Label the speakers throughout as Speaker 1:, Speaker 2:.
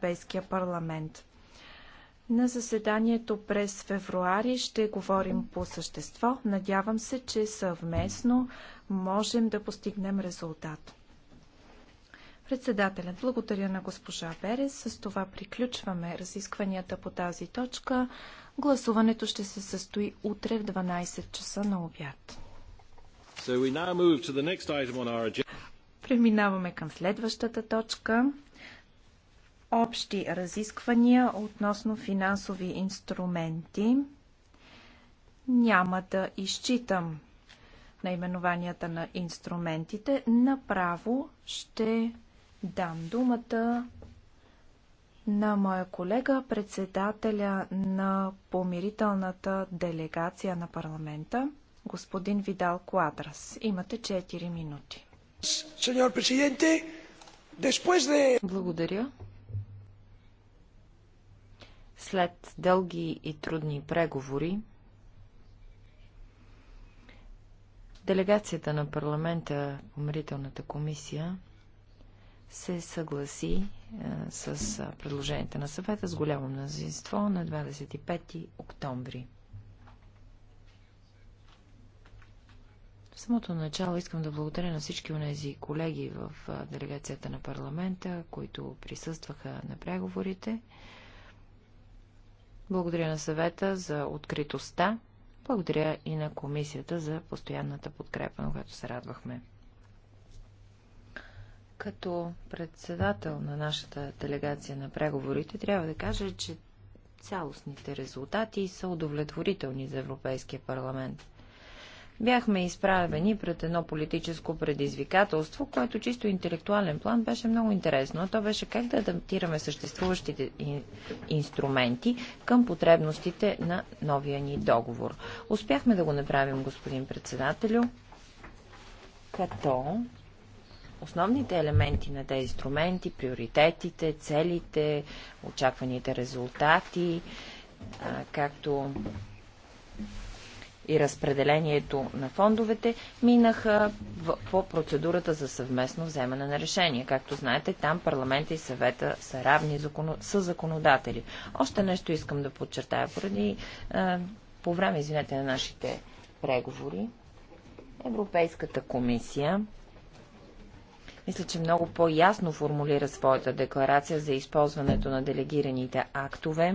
Speaker 1: Европейския парламент. На заседанието през февруари ще говорим по същество. Надявам се, че съвместно можем да постигнем резултат. Председателят, благодаря на госпожа Берес. С това приключваме разискванията по тази точка. Гласуването ще се състои утре в 12 часа на обяд.
Speaker 2: So
Speaker 1: Преминаваме към следващата точка общи разисквания относно финансови инструменти. Няма да изчитам наименованията на инструментите. Направо ще дам думата на моя колега, председателя на помирителната делегация на парламента, господин Видал Куадрас. Имате 4 минути. Благодаря. След дълги и трудни преговори, делегацията на парламента, помирителната комисия, се съгласи
Speaker 3: а, е, с а,
Speaker 1: е, предложенията на съвета с голямо мнозинство на 25 октомври. В самото начало искам да благодаря на всички онези колеги в а, е, делегацията на парламента, които присъстваха на преговорите благодаря на съвета за откритостта. Благодаря и на комисията за постоянната подкрепа, на която се радвахме. Като председател на нашата делегация на преговорите, трябва да кажа, че цялостните резултати са удовлетворителни за Европейския парламент бяхме изправени пред едно политическо предизвикателство, което чисто интелектуален план беше много интересно. А то беше как да адаптираме съществуващите инструменти към потребностите на новия ни договор. Успяхме да го направим, господин председателю, като основните елементи на тези инструменти, приоритетите, целите, очакваните резултати, както и разпределението на фондовете минаха в, по процедурата за съвместно вземане на решение. Както знаете, там парламента и съвета са равни с са законодатели. Още нещо искам да подчертая поради по време, извинете, на нашите преговори. Европейската комисия мисля, че много по-ясно формулира своята декларация за използването на делегираните актове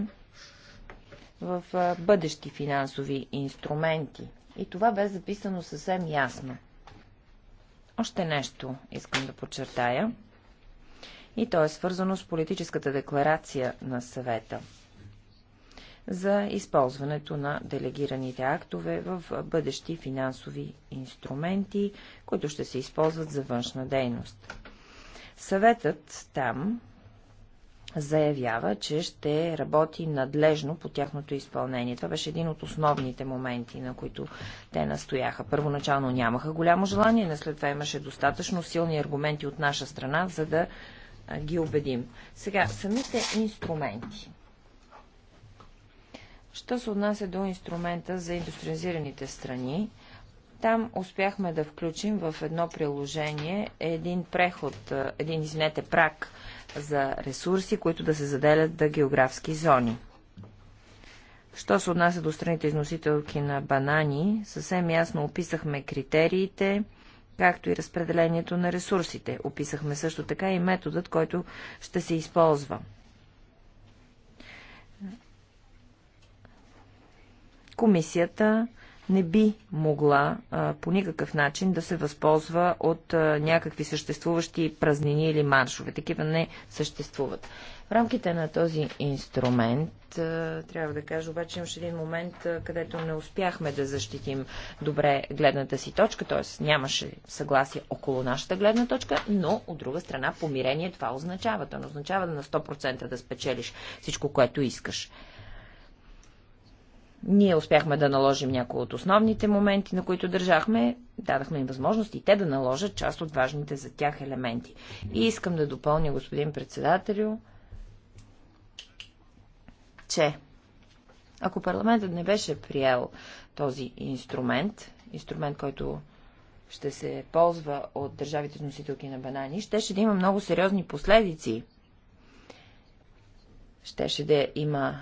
Speaker 1: в бъдещи финансови инструменти. И това бе записано съвсем ясно. Още нещо искам да подчертая. И то е свързано с политическата декларация на съвета за използването на делегираните актове в бъдещи финансови инструменти, които ще се използват за външна дейност. Съветът там заявява, че ще работи надлежно по тяхното изпълнение. Това беше един от основните моменти, на които те настояха. Първоначално нямаха голямо желание, но след това имаше достатъчно силни аргументи от наша страна, за да ги убедим. Сега, самите инструменти. Що се отнася до инструмента за индустриализираните страни, там успяхме да включим в едно приложение един преход, един, извинете, прак за ресурси, които да се заделят да географски зони. Що се отнася до страните износителки на банани, съвсем ясно описахме критериите, както и разпределението на ресурсите. Описахме също така и методът, който ще се използва. Комисията не би могла а, по никакъв начин да се възползва от а, някакви съществуващи празнини или маршове. Такива не съществуват. В рамките на този инструмент, а, трябва да кажа, обаче имаше един момент, а, където не успяхме да защитим добре гледната си точка, т.е. нямаше съгласие около нашата гледна точка, но от друга страна помирение това означава. Това не означава да на 100% да спечелиш всичко, което искаш. Ние успяхме да наложим някои от основните моменти, на които държахме. Дадахме им възможност и те да наложат част от важните за тях елементи. И искам да допълня, господин председателю, че ако парламентът не беше приел този инструмент, инструмент, който ще се ползва от държавите носителки на банани, щеше да има много сериозни последици. Щеше да има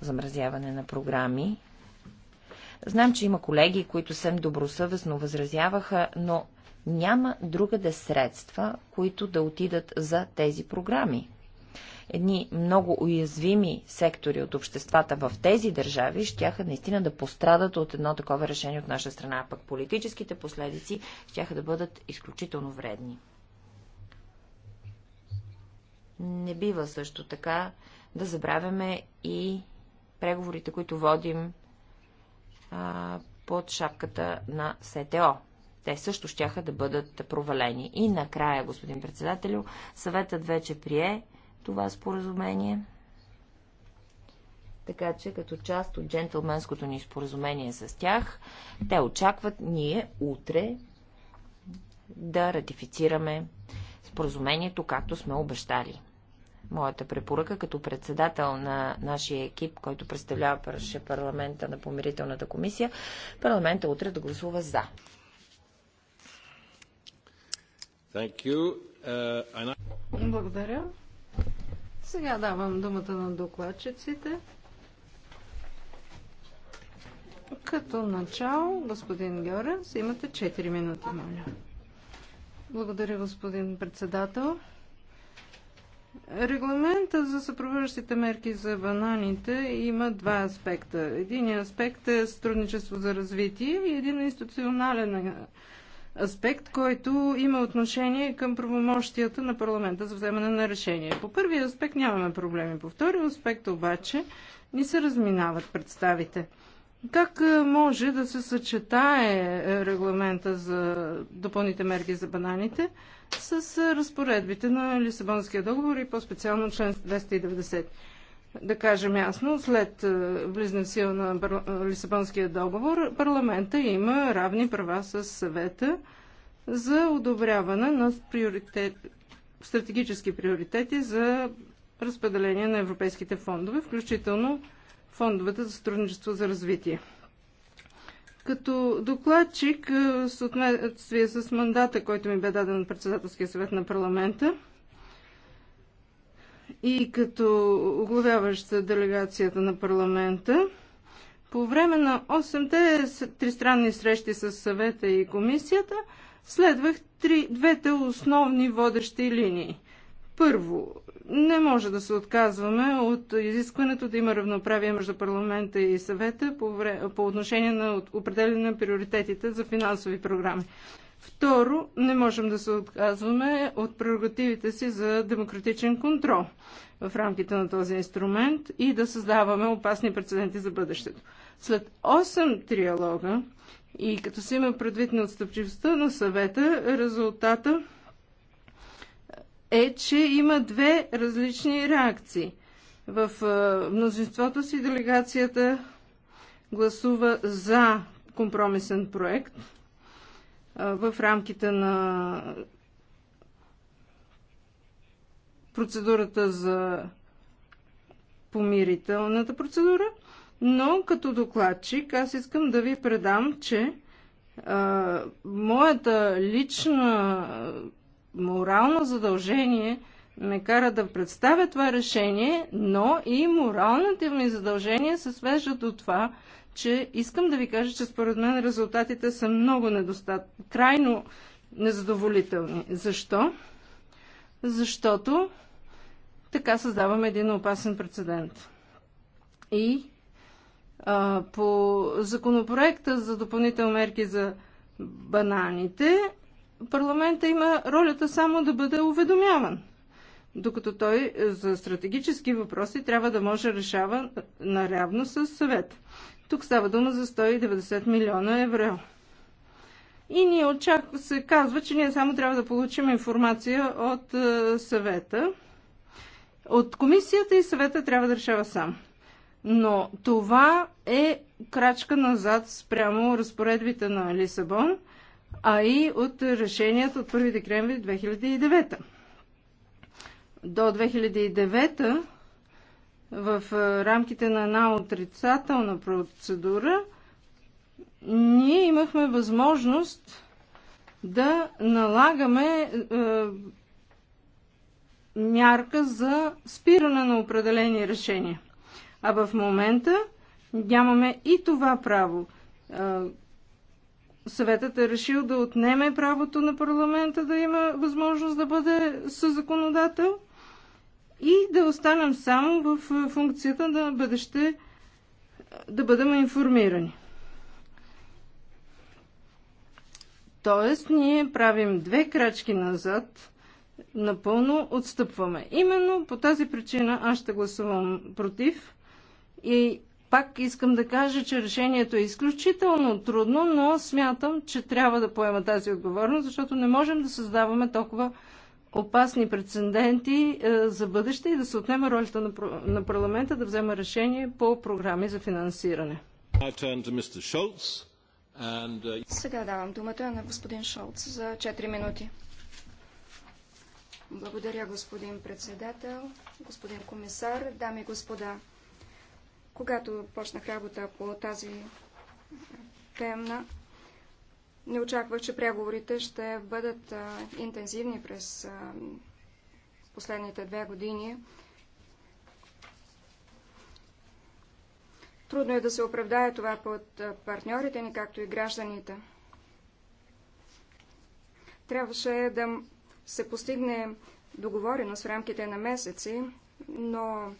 Speaker 1: замразяване на програми. Знам, че има колеги, които съм добросъвестно възразяваха, но няма другаде да средства, които да отидат за тези програми. Едни много уязвими сектори от обществата в тези държави щяха наистина да пострадат от едно такова решение от наша страна, а пък политическите последици щяха да бъдат изключително вредни. Не бива също така да забравяме и преговорите, които водим а, под шапката на СТО. Те също щяха да бъдат провалени. И накрая, господин председателю, съветът вече прие това споразумение. Така че, като част от джентълменското ни споразумение с тях, те очакват ние утре да ратифицираме споразумението, както сме обещали. Моята препоръка като председател на нашия екип, който представлява парламента на помирителната комисия, парламента утре да гласува за.
Speaker 2: Uh, Благодаря. Сега давам думата на докладчиците. Като начало, господин Георенс, имате 4 минути, моля. Благодаря, господин председател. Регламента за съпровождащите мерки за бананите има два аспекта. Единият аспект е сътрудничество за развитие и един институционален аспект, който има отношение към правомощията на парламента за вземане на решение. По първия аспект нямаме проблеми. По втория аспект обаче ни се разминават представите. Как може да се съчетае регламента за допълните мерки за бананите – с разпоредбите на Лисабонския договор и по-специално член 290. Да кажем ясно, след влизане в сила на Лисабонския договор, парламента има равни права с съвета за одобряване на приоритет, стратегически приоритети за разпределение на европейските фондове, включително фондовете за сътрудничество за развитие. Като докладчик с съответствие с мандата, който ми бе даден от Председателския съвет на парламента и като оглавяваща делегацията на парламента, по време на 8-те тристранни срещи с съвета и комисията следвах три, двете основни водещи линии. Първо, не може да се отказваме от изискването да има равноправие между парламента и съвета по, вре... по отношение на определене на приоритетите за финансови програми. Второ, не можем да се отказваме от прерогативите си за демократичен контрол в рамките на този инструмент и да създаваме опасни прецеденти за бъдещето. След 8 триалога и като се има предвид на отстъпчивостта на съвета, резултата е, че има две различни реакции. В е, мнозинството си делегацията гласува за компромисен проект е, в рамките на процедурата за помирителната процедура, но като докладчик аз искам да ви предам, че а, е, моята лична морално задължение ме кара да представя това решение, но и моралните ми задължения се свеждат до това, че искам да ви кажа, че според мен резултатите са много недостатъчни, крайно незадоволителни. Защо? Защото така създаваме един опасен прецедент. И а, по законопроекта за допълнителни мерки за бананите, парламента има ролята само да бъде уведомяван. Докато той за стратегически въпроси трябва да може решава наравно с съвет. Тук става дума за 190 милиона евро. И ние очаква, се казва, че ние само трябва да получим информация от е, съвета. От комисията и съвета трябва да решава сам. Но това е крачка назад спрямо разпоредбите на Лисабон – а и от решението от 1 декември 2009. До 2009 в рамките на една отрицателна процедура ние имахме възможност да налагаме е, мярка за спиране на определени решения. А в момента нямаме и това право. Е, съветът е решил да отнеме правото на парламента да има възможност да бъде съзаконодател и да останем само в е, функцията на бъдеще е, да бъдем информирани. Тоест, ние правим две крачки назад, напълно отстъпваме. Именно по тази причина аз ще гласувам против и пак искам да кажа, че решението е изключително трудно, но смятам, че трябва да поема тази отговорност, защото не можем да създаваме толкова опасни прецеденти е, за бъдеще и да се отнема ролята на, парламента да взема решение по програми за финансиране. Uh,
Speaker 3: Сега давам думата на господин Шолц за 4 минути. Благодаря, господин председател, господин комисар, дами и господа. Когато почнах работа по тази темна, не очаквах, че преговорите ще бъдат интензивни през последните две години. Трудно е да се оправдае това под партньорите ни, както и гражданите. Трябваше да се постигне договореност в рамките на месеци, но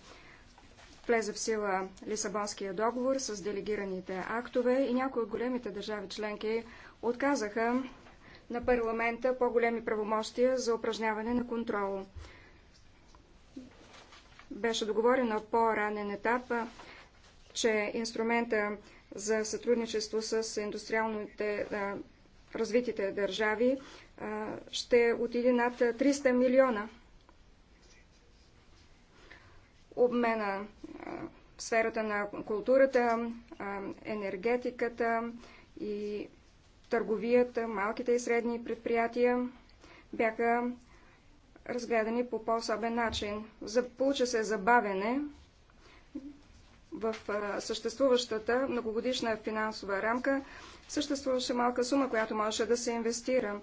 Speaker 3: влезе в сила Лисабонския договор с делегираните актове и някои от големите държави членки отказаха на парламента по-големи правомощия за упражняване на контрол. Беше договорено по-ранен етап, че инструмента за сътрудничество с индустриалните развитите държави ще отиде над 300 милиона обмена в сферата на културата, енергетиката и търговията, малките и средни предприятия бяха разгледани по по-особен начин. Получа се забавене в съществуващата многогодишна финансова рамка. Съществуваше малка сума, която можеше да се инвестира.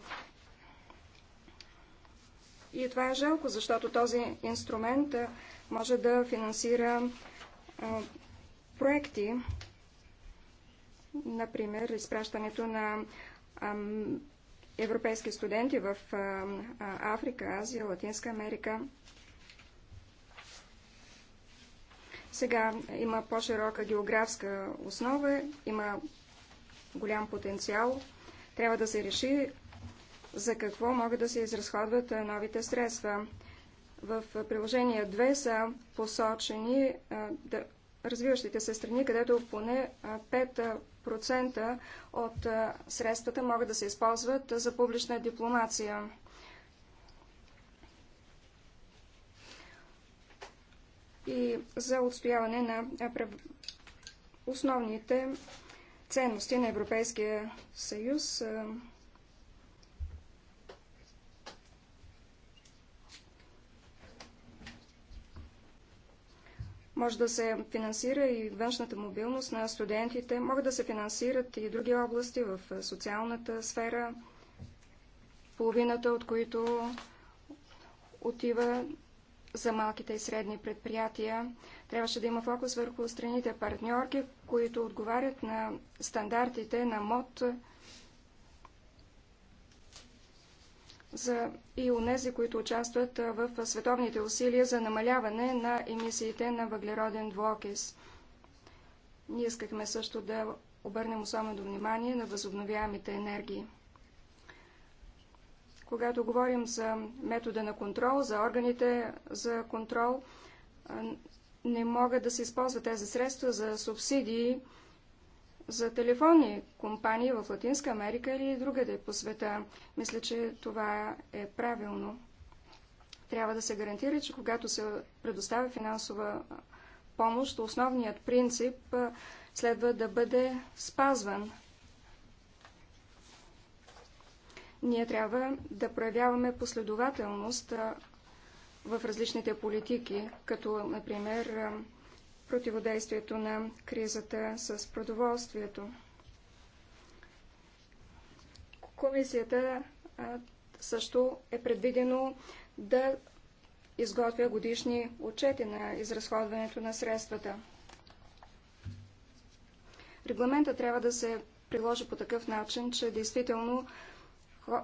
Speaker 3: И това е жалко, защото този инструмент може да финансира а, проекти, например, изпращането на а, европейски студенти в а, Африка, Азия, Латинска Америка. Сега има по-широка географска основа, има голям потенциал. Трябва да се реши за какво могат да се изразходват новите средства. В приложение 2 са посочени развиващите се страни, където поне 5% от средствата могат да се използват за публична дипломация. и за отстояване на основните ценности на Европейския съюз Може да се финансира и външната мобилност на студентите, могат да се финансират и други области в социалната сфера, половината от които отива за малките и средни предприятия. Трябваше да има фокус върху страните партньорки, които отговарят на стандартите на МОД за и унези, които участват в световните усилия за намаляване на емисиите на въглероден двуокис. Ние искахме също да обърнем особено внимание на възобновяемите енергии. Когато говорим за метода на контрол, за органите за контрол, не могат да се използват тези средства за субсидии, за телефонни компании в Латинска Америка или другаде по света. Мисля, че това е правилно. Трябва да се гарантира, че когато се предоставя финансова помощ, основният принцип следва да бъде спазван. Ние трябва да проявяваме последователност в различните политики, като, например, противодействието на кризата с продоволствието. Комисията също е предвидено да изготвя годишни отчети на изразходването на средствата. Регламента трябва да се приложи по такъв начин, че действително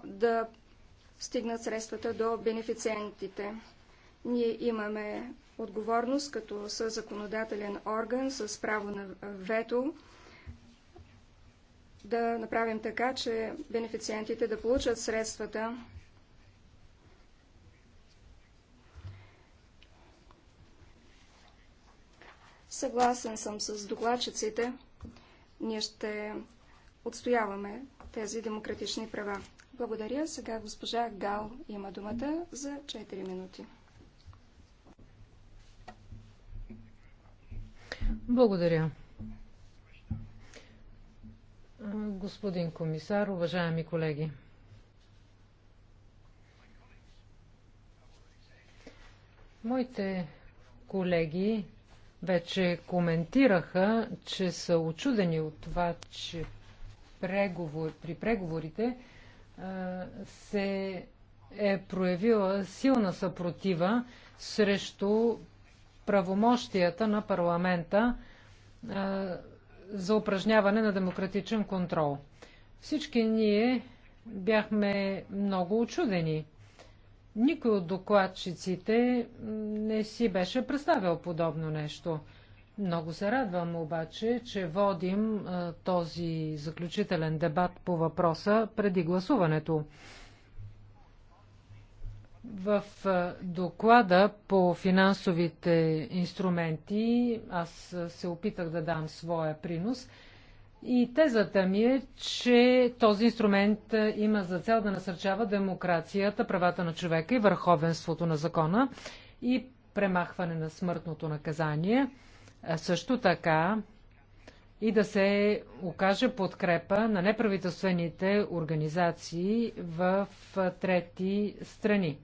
Speaker 3: да стигнат средствата до бенефициентите. Ние имаме отговорност като законодателен орган с право на вето да направим така, че бенефициентите да получат средствата. Съгласен съм с докладчиците. Ние ще отстояваме тези демократични права. Благодаря. Сега госпожа Гал има думата за 4 минути.
Speaker 4: Благодаря. Господин комисар, уважаеми колеги. Моите колеги вече коментираха, че са очудени от това, че преговор, при преговорите се е проявила силна съпротива срещу правомощията на парламента а, за упражняване на демократичен контрол. Всички ние бяхме много очудени. Никой от докладчиците не си беше представил подобно нещо. Много се радвам обаче, че водим а, този заключителен дебат по въпроса преди гласуването. В доклада по финансовите инструменти аз се опитах да дам своя принос и тезата ми е, че този инструмент има за цел да насърчава демокрацията, правата на човека и върховенството на закона и премахване на смъртното наказание. А също така и да се окаже подкрепа на неправителствените организации в трети страни.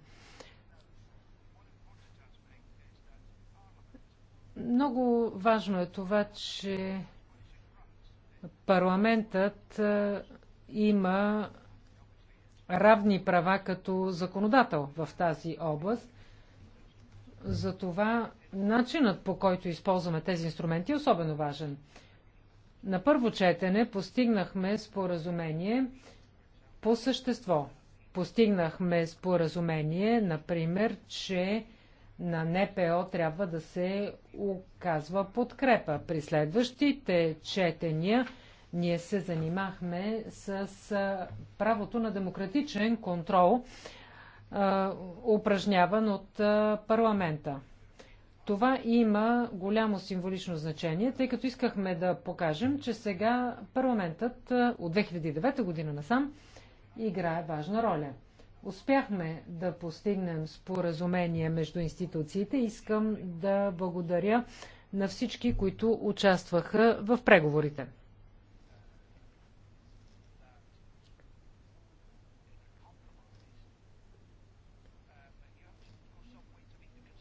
Speaker 4: Много важно е това, че парламентът има равни права като законодател в тази област. Затова начинът по който използваме тези инструменти е особено важен. На първо четене постигнахме споразумение по същество. Постигнахме споразумение, например, че на НПО трябва да се оказва подкрепа. При следващите четения ние се занимахме с правото на демократичен контрол, упражняван от парламента. Това има голямо символично значение, тъй като искахме да покажем, че сега парламентът от 2009 година насам играе важна роля успяхме да постигнем споразумение между институциите. Искам да благодаря на всички, които участваха в преговорите.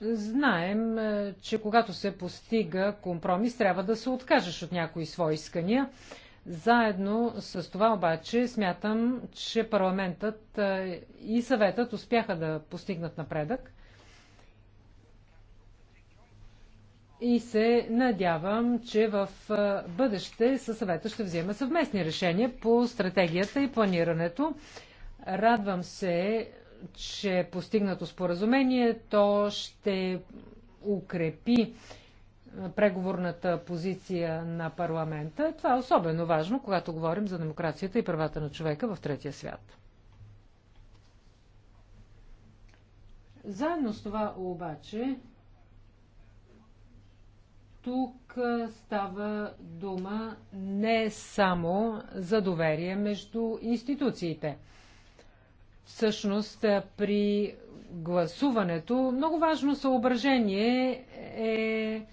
Speaker 4: Знаем, е, че когато се постига компромис, трябва да се откажеш от някои свои искания. Заедно с това обаче смятам, че парламентът и съветът успяха да постигнат напредък. И се надявам, че в бъдеще със съвета ще вземе съвместни решения по стратегията и планирането. Радвам се, че е постигнато споразумение то ще укрепи преговорната позиция на парламента. Това е особено важно, когато говорим за демокрацията и правата на човека в третия свят. Заедно с това обаче, тук става дума не само за доверие между институциите. Всъщност, при гласуването много важно съображение е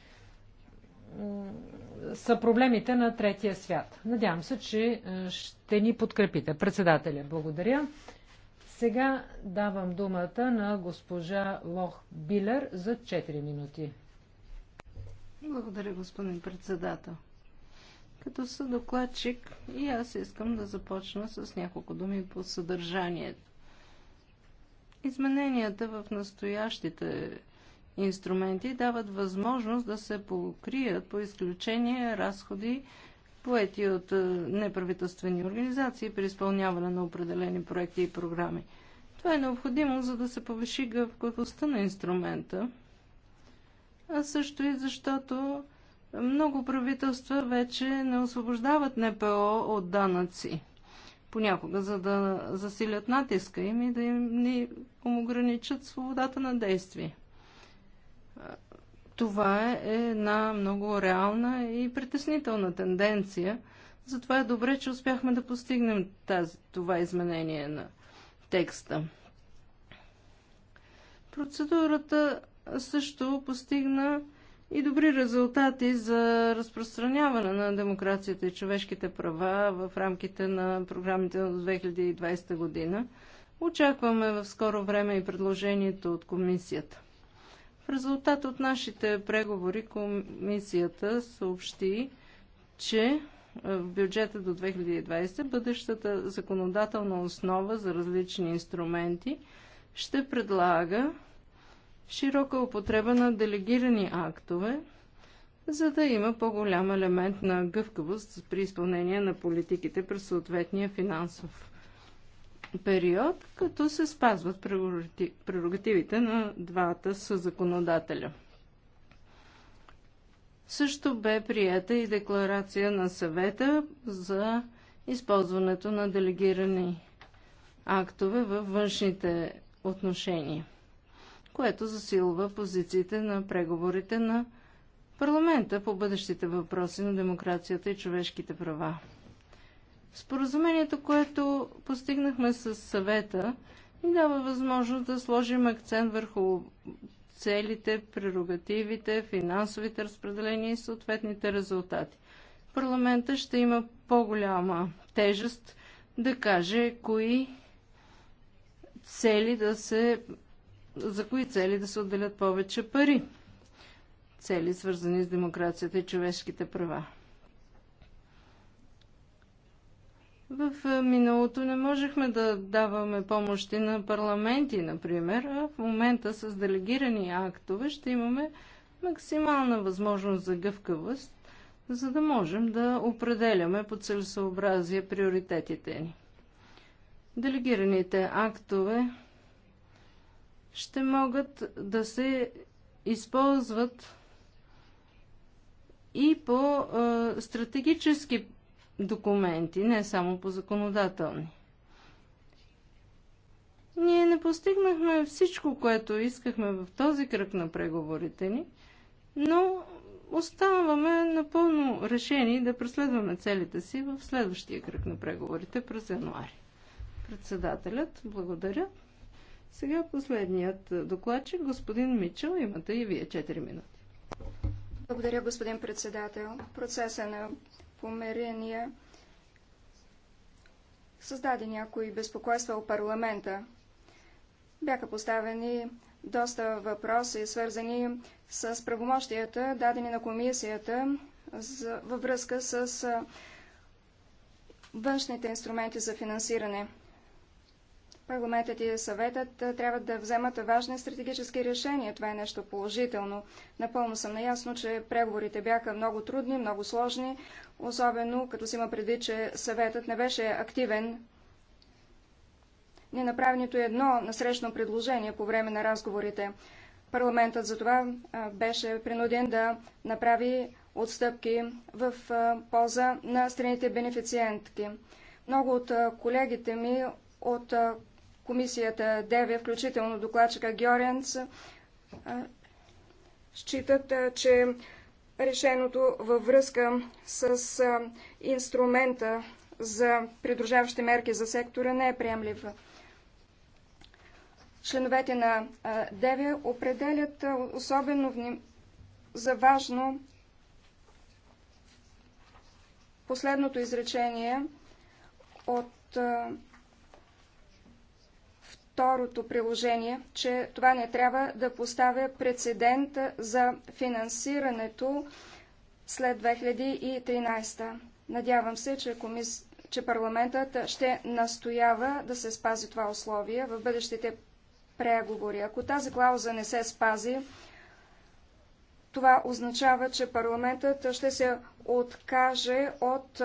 Speaker 4: са проблемите на третия свят. Надявам се, че е, ще ни подкрепите. Председателя, благодаря. Сега давам думата на госпожа Лох Билер за 4 минути.
Speaker 2: Благодаря, господин председател. Като съдокладчик и аз искам да започна с няколко думи по съдържанието. Измененията в настоящите инструменти дават възможност да се покрият по изключение разходи, поети от е, неправителствени организации при изпълняване на определени проекти и програми. Това е необходимо, за да се повиши гъвкавостта на инструмента, а също и защото много правителства вече не освобождават НПО от данъци. Понякога, за да засилят натиска им и да им ни ограничат свободата на действие. Това е една много реална и притеснителна тенденция. Затова е добре, че успяхме да постигнем тази, това изменение на текста. Процедурата също постигна и добри резултати за разпространяване на демокрацията и човешките права в рамките на програмите на 2020 година. Очакваме в скоро време и предложението от комисията. В резултат от нашите преговори комисията съобщи, че е, в бюджета до 2020 бъдещата законодателна основа за различни инструменти ще предлага широка употреба на делегирани актове, за да има по-голям елемент на гъвкавост при изпълнение на политиките през съответния финансов период, като се спазват прерогативите на двата законодателя. Също бе прията и декларация на съвета за използването на делегирани актове във външните отношения, което засилва позициите на преговорите на парламента по бъдещите въпроси на демокрацията и човешките права. Споразумението, което постигнахме с съвета, ни дава възможност да сложим акцент върху целите, прерогативите, финансовите разпределения и съответните резултати. Парламента ще има по-голяма тежест да каже кои цели да се за кои цели да се отделят повече пари. Цели свързани с демокрацията и човешките права. В е, миналото не можехме да даваме помощи на парламенти, например, а в момента с делегирани актове ще имаме максимална възможност за гъвкавост, за да можем да определяме по целесообразие приоритетите ни. Делегираните актове ще могат да се използват и по е, стратегически документи, не само по законодателни. Ние не постигнахме всичко, което искахме в този кръг на преговорите ни, но оставаме напълно решени да преследваме целите си в следващия кръг на преговорите през януари. Председателят, благодаря. Сега последният докладчик, господин Мичел, имате и вие 4 минути.
Speaker 3: Благодаря, господин председател. Процеса на померения създаде някои безпокойства у парламента. Бяха поставени доста въпроси, свързани с правомощията, дадени на комисията във връзка с външните инструменти за финансиране. Парламентът и съветът трябва да вземат важни стратегически решения. Това е нещо положително. Напълно съм наясно, че преговорите бяха много трудни, много сложни, особено като си има преди, че съветът не беше активен. Не направи нито едно насрещно предложение по време на разговорите. Парламентът за това беше принуден да направи отстъпки в полза на страните бенефициентки. Много от колегите ми от комисията ДЕВЕ, включително докладчика Гьоренц, считат, че решеното във връзка с инструмента за придружаващи мерки за сектора не е приемлив. Членовете на ДЕВЕ определят особено за важно последното изречение от второто приложение, че това не трябва да поставя прецедент за финансирането след 2013. Надявам се, че, комис... че парламентът ще настоява да се спази това условие в бъдещите преговори. Ако тази клауза не се спази, това означава, че парламентът ще се откаже от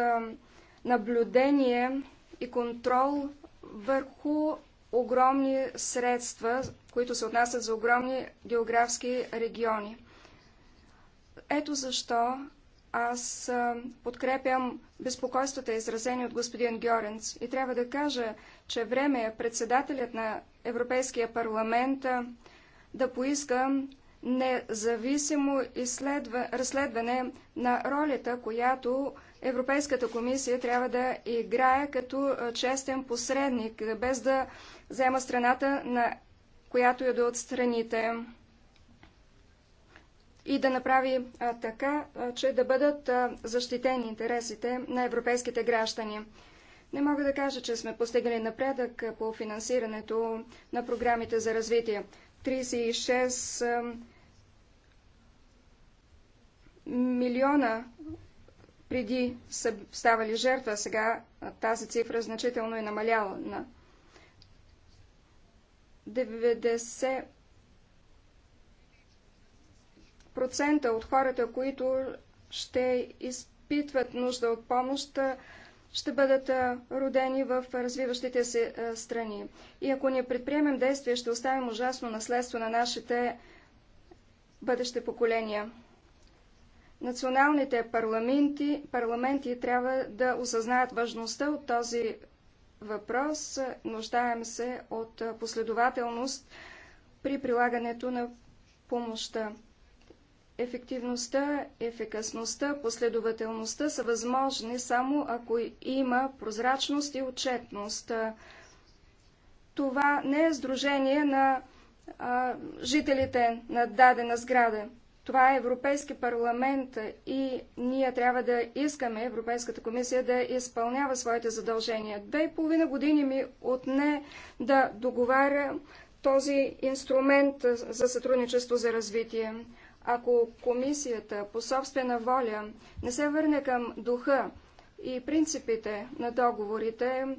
Speaker 3: наблюдение и контрол върху огромни средства, които се отнасят за огромни географски региони. Ето защо аз подкрепям безпокойствата, изразени от господин Гьоренц. И трябва да кажа, че време е председателят на Европейския парламент да поиска независимо разследване на ролята, която Европейската комисия трябва да играе като честен посредник, без да взема страната на която я да е отстраните и да направи а, така, а, че да бъдат а, защитени интересите на европейските граждани. Не мога да кажа, че сме постигнали напредък по финансирането на програмите за развитие. 36 милиона преди са ставали жертва, сега тази цифра значително е намаляла на 90% от хората, които ще изпитват нужда от помощ, ще бъдат родени в развиващите се страни. И ако ни предприемем действия, ще оставим ужасно наследство на нашите бъдещи поколения. Националните парламенти, парламенти трябва да осъзнаят важността от този въпрос. Нуждаем се от последователност при прилагането на помощта. Ефективността, ефикасността, последователността са възможни само ако има прозрачност и отчетност. Това не е сдружение на а, жителите на дадена сграда. Това е Европейски парламент и ние трябва да искаме Европейската комисия да изпълнява своите задължения. Две и половина години ми отне да договаря този инструмент за сътрудничество за развитие. Ако комисията по собствена воля не се върне към духа и принципите на договорите,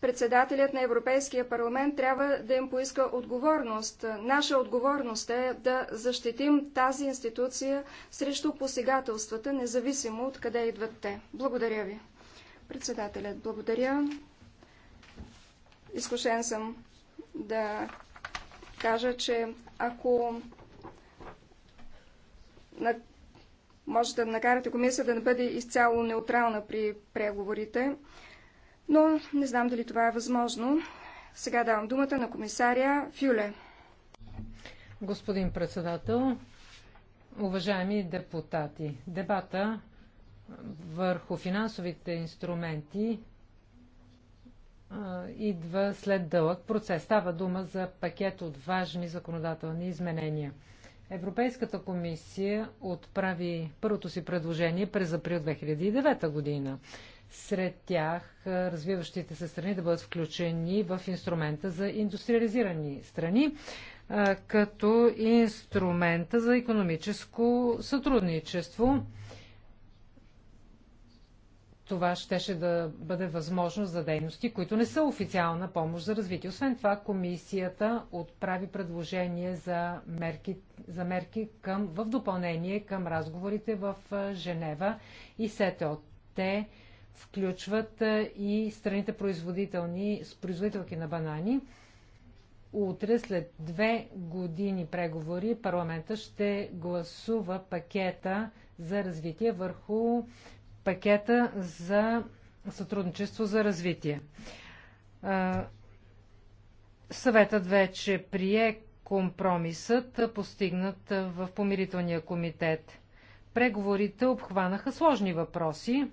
Speaker 3: председателят на Европейския парламент трябва да им поиска отговорност. Наша отговорност е да защитим тази институция срещу посегателствата, независимо от къде идват те. Благодаря ви. Председателят, благодаря. Изкушен съм да кажа, че ако на... може да накарате комисия да не бъде изцяло неутрална при преговорите, но не знам дали това е възможно. Сега давам думата на комисаря Фюле.
Speaker 4: Господин председател, уважаеми депутати, дебата върху финансовите инструменти идва след дълъг процес. Става дума за пакет от важни законодателни изменения. Европейската комисия отправи първото си предложение през април 2009 година сред тях развиващите се страни да бъдат включени в инструмента за индустриализирани страни, като инструмента за економическо сътрудничество. Това щеше да бъде възможност за дейности, които не са официална помощ за развитие. Освен това, комисията отправи предложение за мерки, за мерки към, в допълнение към разговорите в Женева и СТО. Те включват е, и страните производителни, с производителки на банани. Утре, след две години преговори, парламента ще гласува пакета за развитие върху пакета за сътрудничество за развитие. Съветът вече прие компромисът, постигнат в помирителния комитет. Преговорите обхванаха сложни въпроси,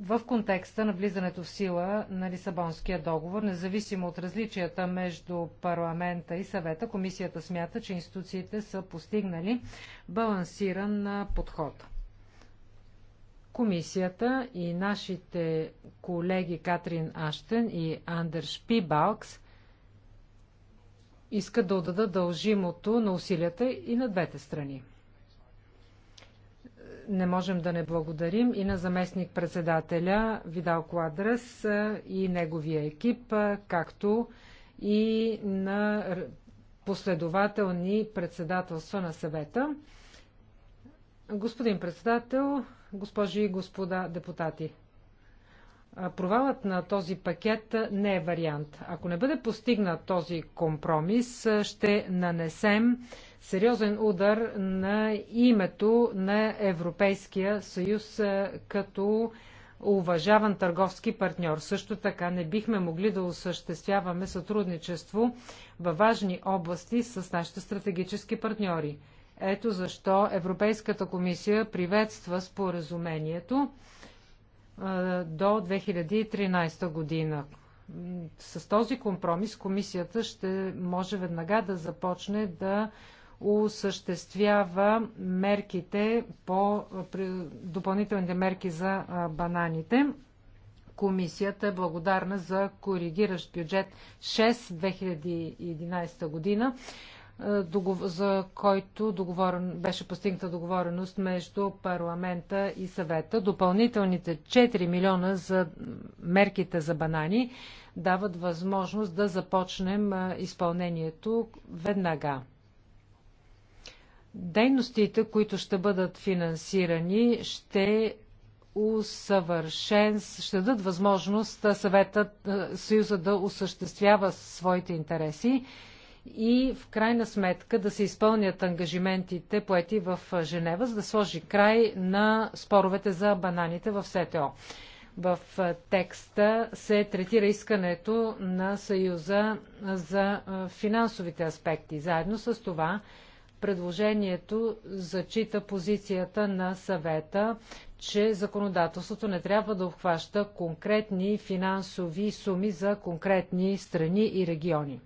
Speaker 4: в контекста на влизането в сила на Лисабонския договор, независимо от различията между парламента и съвета, комисията смята, че институциите са постигнали балансиран подход. Комисията и нашите колеги Катрин Аштен и Андерш Пибалкс искат да отдадат дължимото на усилията и на двете страни не можем да не благодарим и на заместник председателя Видал Куадрес и неговия екип, както и на последователни председателства на съвета. Господин председател, госпожи и господа депутати, провалът на този пакет не е вариант. Ако не бъде постигнат този компромис, ще нанесем сериозен удар на името на Европейския съюз като уважаван търговски партньор. Също така не бихме могли да осъществяваме сътрудничество във важни области с нашите стратегически партньори. Ето защо Европейската комисия приветства споразумението до 2013 година. С този компромис комисията ще може веднага да започне да осъществява мерките по допълнителните мерки за бананите. Комисията е благодарна за коригиращ бюджет 6 2011 година е, за който договорен, беше постигната договореност между парламента и съвета. Допълнителните 4 милиона за мерките за банани дават възможност да започнем е, изпълнението веднага. Дейностите, които ще бъдат финансирани, ще усъвършен, ще дадат възможност е, съветът, Съюза да осъществява своите интереси и в крайна сметка да се изпълнят ангажиментите поети в Женева, за да сложи край на споровете за бананите в СТО. В текста се третира искането на Съюза за финансовите аспекти. Заедно с това предложението зачита позицията на съвета, че законодателството не трябва да обхваща конкретни финансови суми за конкретни страни и региони.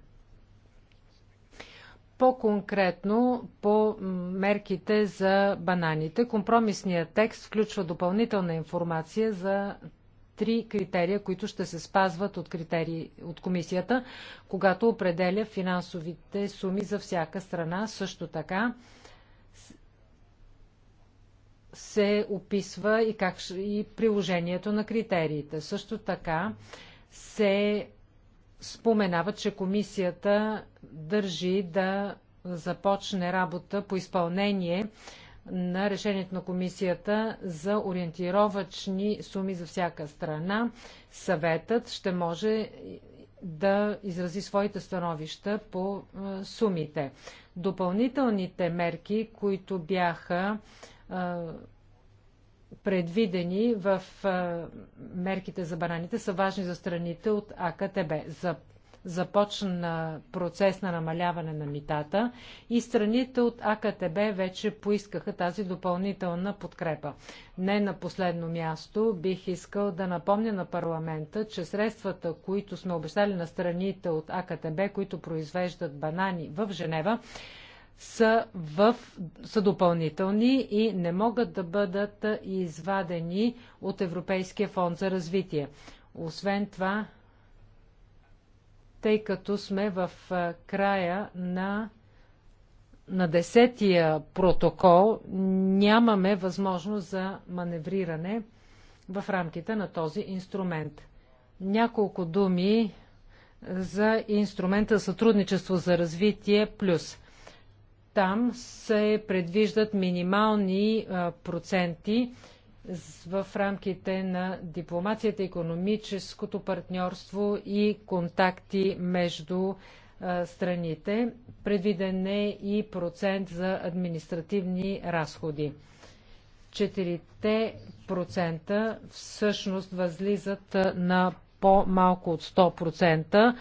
Speaker 4: По-конкретно по мерките за бананите. Компромисният текст включва допълнителна информация за три критерия, които ще се спазват от, критерии, от комисията, когато определя финансовите суми за всяка страна. Също така се описва и, как, и приложението на критериите. Също така се споменава, че комисията държи да започне работа по изпълнение на решението на комисията за ориентировачни суми за всяка страна. Съветът ще може да изрази своите становища по е, сумите. Допълнителните мерки, които бяха е, предвидени в мерките за бананите, са важни за страните от АКТБ. За започна процес на намаляване на митата и страните от АКТБ вече поискаха тази допълнителна подкрепа. Не на последно място бих искал да напомня на парламента, че средствата, които сме обещали на страните от АКТБ, които произвеждат банани в Женева, са, в, са допълнителни и не могат да бъдат извадени от Европейския фонд за развитие. Освен това, тъй като сме в края на, на десетия протокол, нямаме възможност за маневриране в рамките на този инструмент. Няколко думи за инструмента сътрудничество за развитие плюс – там се предвиждат минимални проценти в рамките на дипломацията, економическото партньорство и контакти между страните. Предвиден е и процент за административни разходи. 4% всъщност възлизат на по-малко от 100%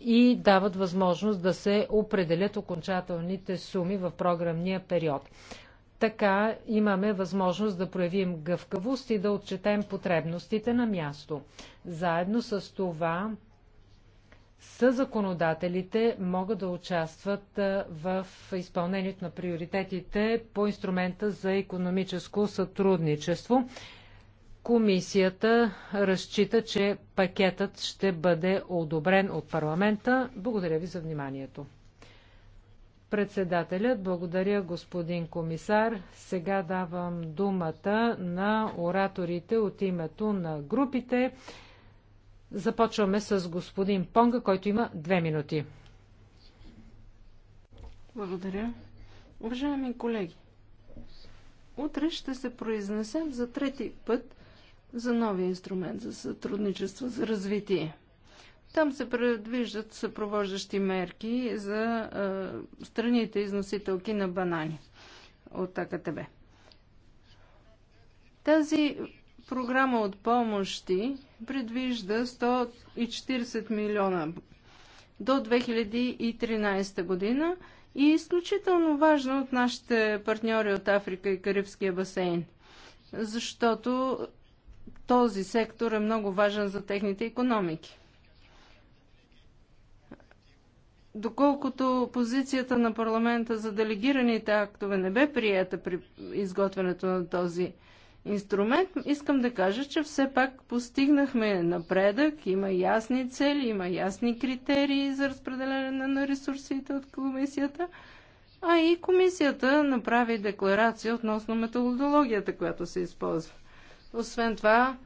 Speaker 4: и дават възможност да се определят окончателните суми в програмния период. Така имаме възможност да проявим гъвкавост и да отчетем потребностите на място. Заедно с това Съзаконодателите могат да участват в изпълнението на приоритетите по инструмента за економическо сътрудничество Комисията разчита, че пакетът ще бъде одобрен от парламента. Благодаря ви за вниманието. Председателят, благодаря господин комисар. Сега давам думата на ораторите от името на групите. Започваме с господин Понга, който има две минути.
Speaker 2: Благодаря. Уважаеми колеги, утре ще се произнесем за трети път за новия инструмент за сътрудничество за развитие. Там се предвиждат съпровождащи мерки за е, страните износителки на банани от АКТБ. Тази програма от помощи предвижда 140 милиона до 2013 година и е изключително важна от нашите партньори от Африка и Карибския басейн, защото този сектор е много важен за техните економики. Доколкото позицията на парламента за делегираните актове не бе приета при изготвянето на този инструмент, искам да кажа, че все пак постигнахме напредък, има ясни цели, има ясни критерии за разпределение на ресурсите от комисията, а и комисията направи декларация относно методологията, която се използва. Освен това,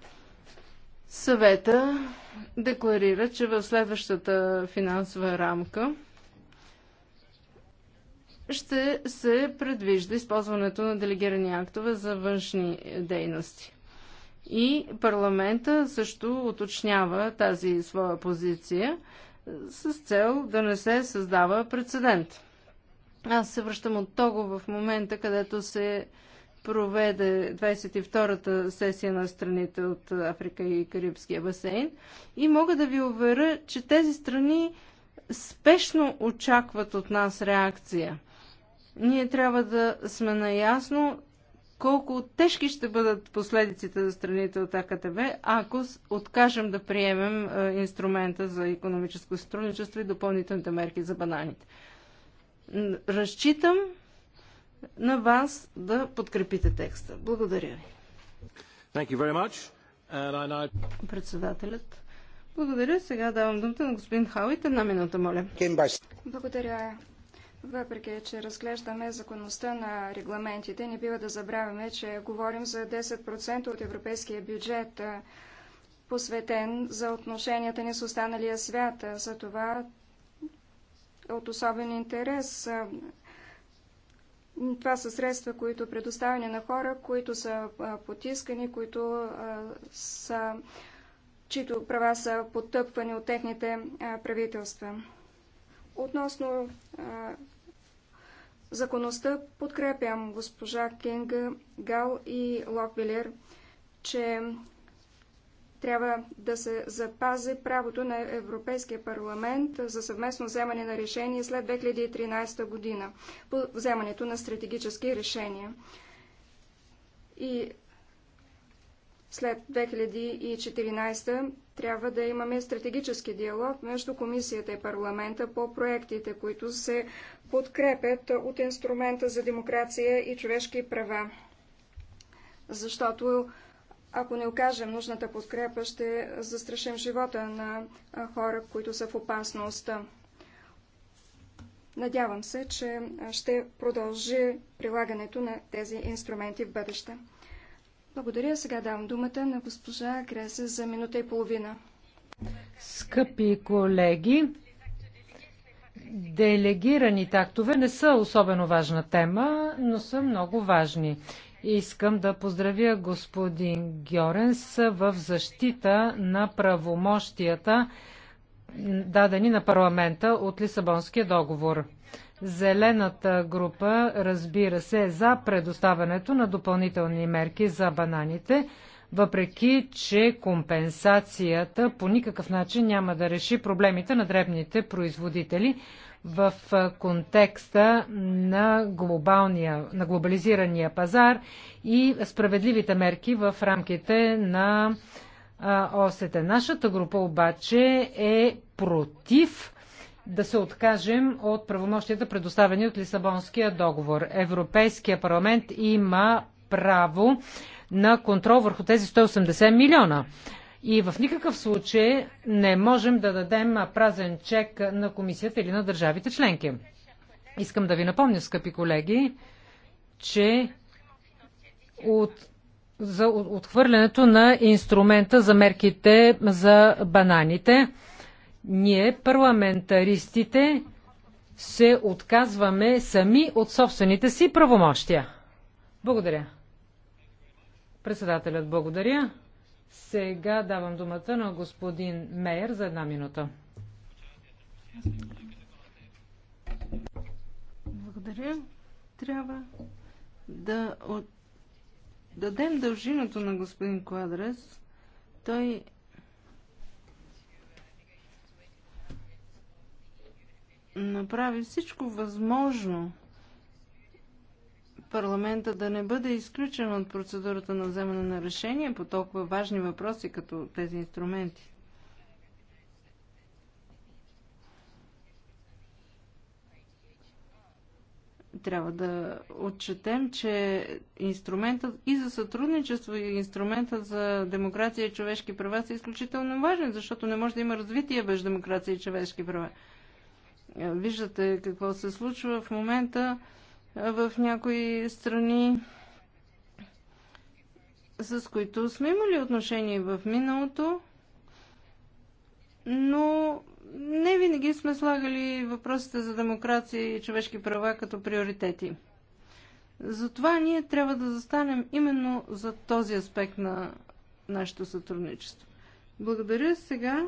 Speaker 2: съвета декларира, че в следващата финансова рамка ще се предвижда използването на делегирани актове за външни дейности. И парламента също уточнява тази своя позиция с цел да не се създава прецедент. Аз се връщам от Того в момента, където се проведе 22-та сесия на страните от Африка и Карибския басейн. И мога да ви уверя, че тези страни спешно очакват от нас реакция. Ние трябва да сме наясно колко тежки ще бъдат последиците за страните от АКТВ, ако откажем да приемем е, инструмента за економическо сътрудничество и допълнителните мерки за бананите. Разчитам на вас да подкрепите текста. Благодаря ви. Thank you very much. And I know... Председателят. Благодаря. Сега давам думата на господин Хауит. Една минута, моля.
Speaker 3: Благодаря. Въпреки, че разглеждаме законността на регламентите, не бива да забравяме, че говорим за 10% от европейския бюджет, посветен за отношенията ни с останалия свят. За това е от особен интерес това са средства, които предоставяне на хора, които са потискани, които са, чието права са потъпвани от техните правителства. Относно законността подкрепям госпожа Кинг Гал и Локвилер, че трябва да се запази правото на Европейския парламент за съвместно вземане на решение след 2013 година по вземането на стратегически решения. И след 2014 трябва да имаме стратегически диалог между комисията и парламента по проектите, които се подкрепят от инструмента за демокрация и човешки права. Защото ако не окажем нужната подкрепа, ще застрашим живота на хора, които са в опасност. Надявам се, че ще продължи прилагането на тези инструменти в бъдеще. Благодаря. Сега давам думата на госпожа Гресе за минута и половина.
Speaker 4: Скъпи колеги, делегирани тактове не са особено важна тема, но са много важни. Искам да поздравя господин Гьоренс в защита на правомощията, дадени на парламента от Лисабонския договор. Зелената група, разбира се, е за предоставянето на допълнителни мерки за бананите, въпреки че компенсацията по никакъв начин няма да реши проблемите на дребните производители, в контекста на, глобалния, на глобализирания пазар и справедливите мерки в рамките на ОСТ. Нашата група обаче е против да се откажем от правомощията, предоставени от Лисабонския договор. Европейския парламент има право на контрол върху тези 180 милиона. И в никакъв случай не можем да дадем празен чек на комисията или на държавите членки. Искам да ви напомня, скъпи колеги, че от, за отхвърлянето на инструмента за мерките за бананите, ние, парламентаристите, се отказваме сами от собствените си правомощия. Благодаря. Председателят благодаря. Сега давам думата на господин Мейер за една минута.
Speaker 2: Благодаря. Трябва да от... дадем дължиното на господин Квадрес. Той направи всичко възможно парламента да не бъде изключен от процедурата на вземане на решение по толкова важни въпроси, като тези инструменти? трябва да отчетем, че инструментът и за сътрудничество, и инструментът за демокрация и човешки права са изключително важни, защото не може да има развитие без демокрация и човешки права. Виждате какво се случва в момента в някои страни, с които сме имали отношение в миналото, но не винаги сме слагали въпросите за демокрация и човешки права като приоритети. Затова ние трябва да застанем именно за този аспект на нашето сътрудничество. Благодаря сега.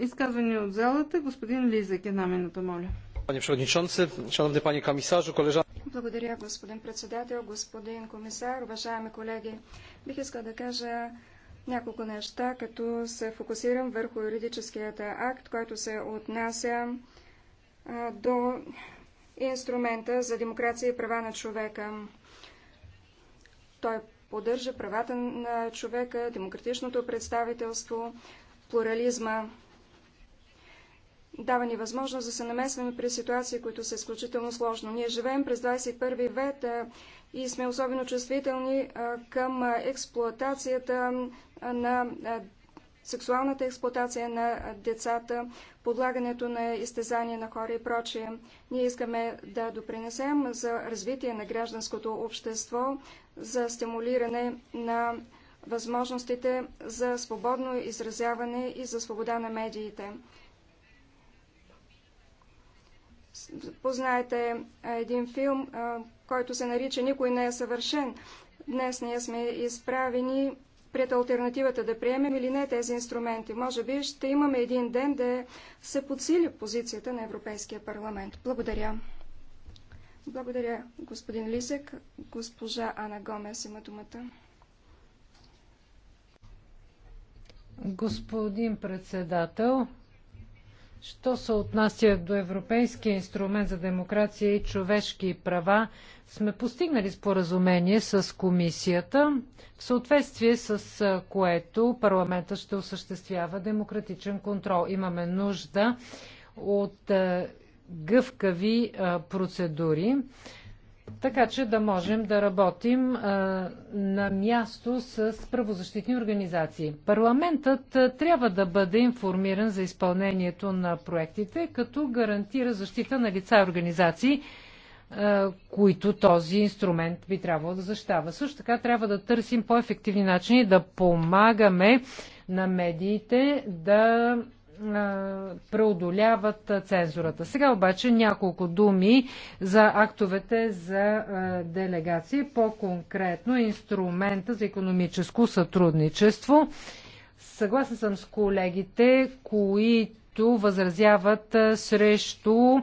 Speaker 2: Изказване от залата. Господин Лизък, една минута, моля.
Speaker 4: Panie Przewodniczący, Szanowny Panie Komisarzu, koleżanki.
Speaker 3: Благодаря, господин председател, господин комисар, уважаеми колеги. Бих искал да кажа няколко неща, като се фокусирам върху юридическият акт, който се отнася до инструмента за демокрация и права на човека. Той поддържа правата на човека, демократичното представителство, плурализма дава ни възможност да се намесваме при ситуации, които са изключително сложно. Ние живеем през 21 век и сме особено чувствителни към експлоатацията на сексуалната експлоатация на децата, подлагането на изтезания на хора и прочие. Ние искаме да допринесем за развитие на гражданското общество, за стимулиране на възможностите за свободно изразяване и за свобода на медиите. познаете един филм, който се нарича Никой не е съвършен. Днес ние сме изправени пред альтернативата да приемем или не тези инструменти. Може би ще имаме един ден да се подсили позицията на Европейския парламент. Благодаря. Благодаря, господин Лисек. Госпожа Ана Гомес има думата.
Speaker 4: Господин председател, Що се отнася до Европейския инструмент за демокрация и човешки права, сме постигнали споразумение с комисията, в съответствие с което парламента ще осъществява демократичен контрол. Имаме нужда от гъвкави процедури така че да можем да работим а, на място с правозащитни организации. Парламентът а, трябва да бъде информиран за изпълнението на проектите, като гарантира защита на лица и организации, а, които този инструмент би трябвало да защитава. Също така трябва да търсим по-ефективни начини да помагаме на медиите да преодоляват цензурата. Сега обаче няколко думи за актовете за делегации, по-конкретно инструмента за економическо сътрудничество. Съгласен съм с колегите, които възразяват срещу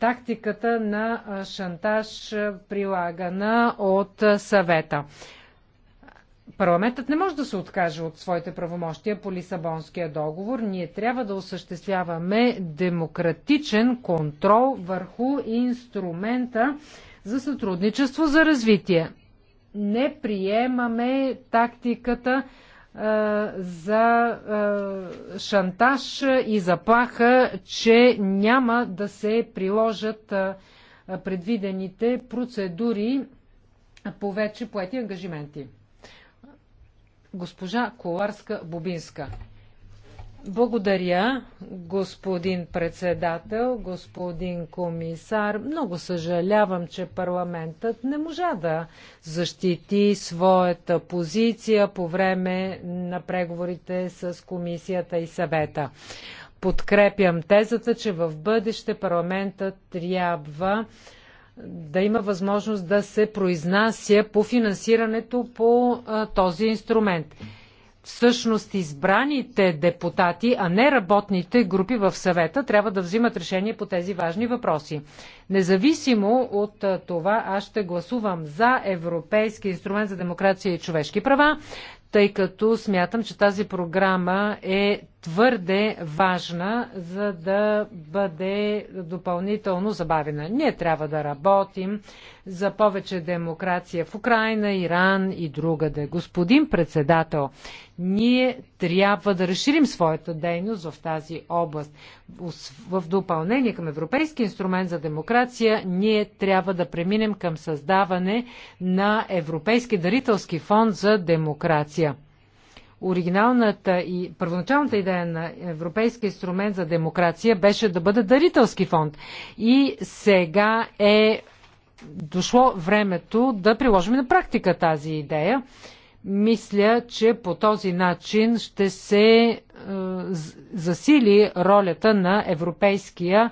Speaker 4: тактиката на шантаж, прилагана от съвета. Парламентът не може да се откаже от своите правомощия по Лисабонския договор. Ние трябва да осъществяваме демократичен контрол върху инструмента за сътрудничество за развитие. Не приемаме тактиката за шантаж и заплаха, че няма да се приложат предвидените процедури по вече поети ангажименти госпожа Коларска-Бубинска. Благодаря, господин председател, господин комисар. Много съжалявам, че парламентът не можа да защити своята позиция по време на преговорите с комисията и съвета. Подкрепям тезата, че в бъдеще парламентът трябва да има възможност да се произнася по финансирането по а, този инструмент. Всъщност избраните депутати, а не работните групи в съвета, трябва да взимат решение по тези важни въпроси. Независимо от това, аз ще гласувам за Европейски инструмент за демокрация и човешки права, тъй като смятам, че тази програма е твърде важна, за да бъде допълнително забавена. Ние трябва да работим за повече демокрация в Украина, Иран и другаде. Господин председател, ние трябва да разширим своята дейност в тази област. В допълнение към Европейски инструмент за демокрация, ние трябва да преминем към създаване на Европейски дарителски фонд за демокрация оригиналната и първоначалната идея на Европейския инструмент за демокрация беше да бъде дарителски фонд. И сега е дошло времето да приложим на практика тази идея. Мисля, че по този начин ще се е, засили ролята на Европейския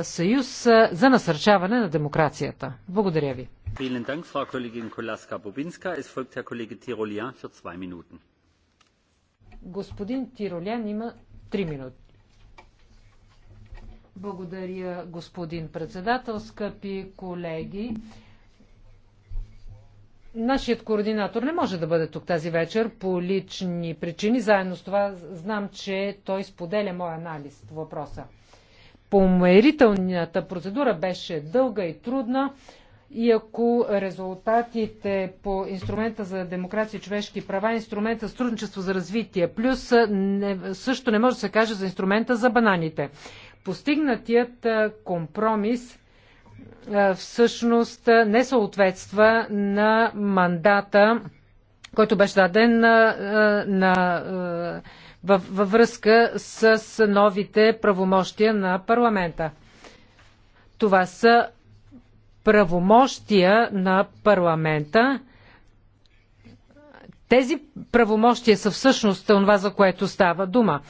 Speaker 4: е, съюз е, за насърчаване на демокрацията. Благодаря ви. Vielen Dank, Frau Kollegin Kolaska-Bobinska. Es folgt Herr Kollege Tirolien für zwei Minuten. Господин Тиролян има 3 минути. Благодаря, господин председател, скъпи колеги. Нашият координатор не може да бъде тук тази вечер по лични причини. Заедно с това знам, че той споделя моя анализ по въпроса. Померителната процедура беше дълга и трудна. И ако резултатите по инструмента за демокрация и човешки права, инструмента за сътрудничество за развитие, плюс не, също не може да се каже за инструмента за бананите. Постигнатият компромис всъщност не съответства на мандата, който беше даден на, на, във, във връзка с новите правомощия на парламента. Това са правомощия на парламента. Тези правомощия са всъщност това, за което става дума.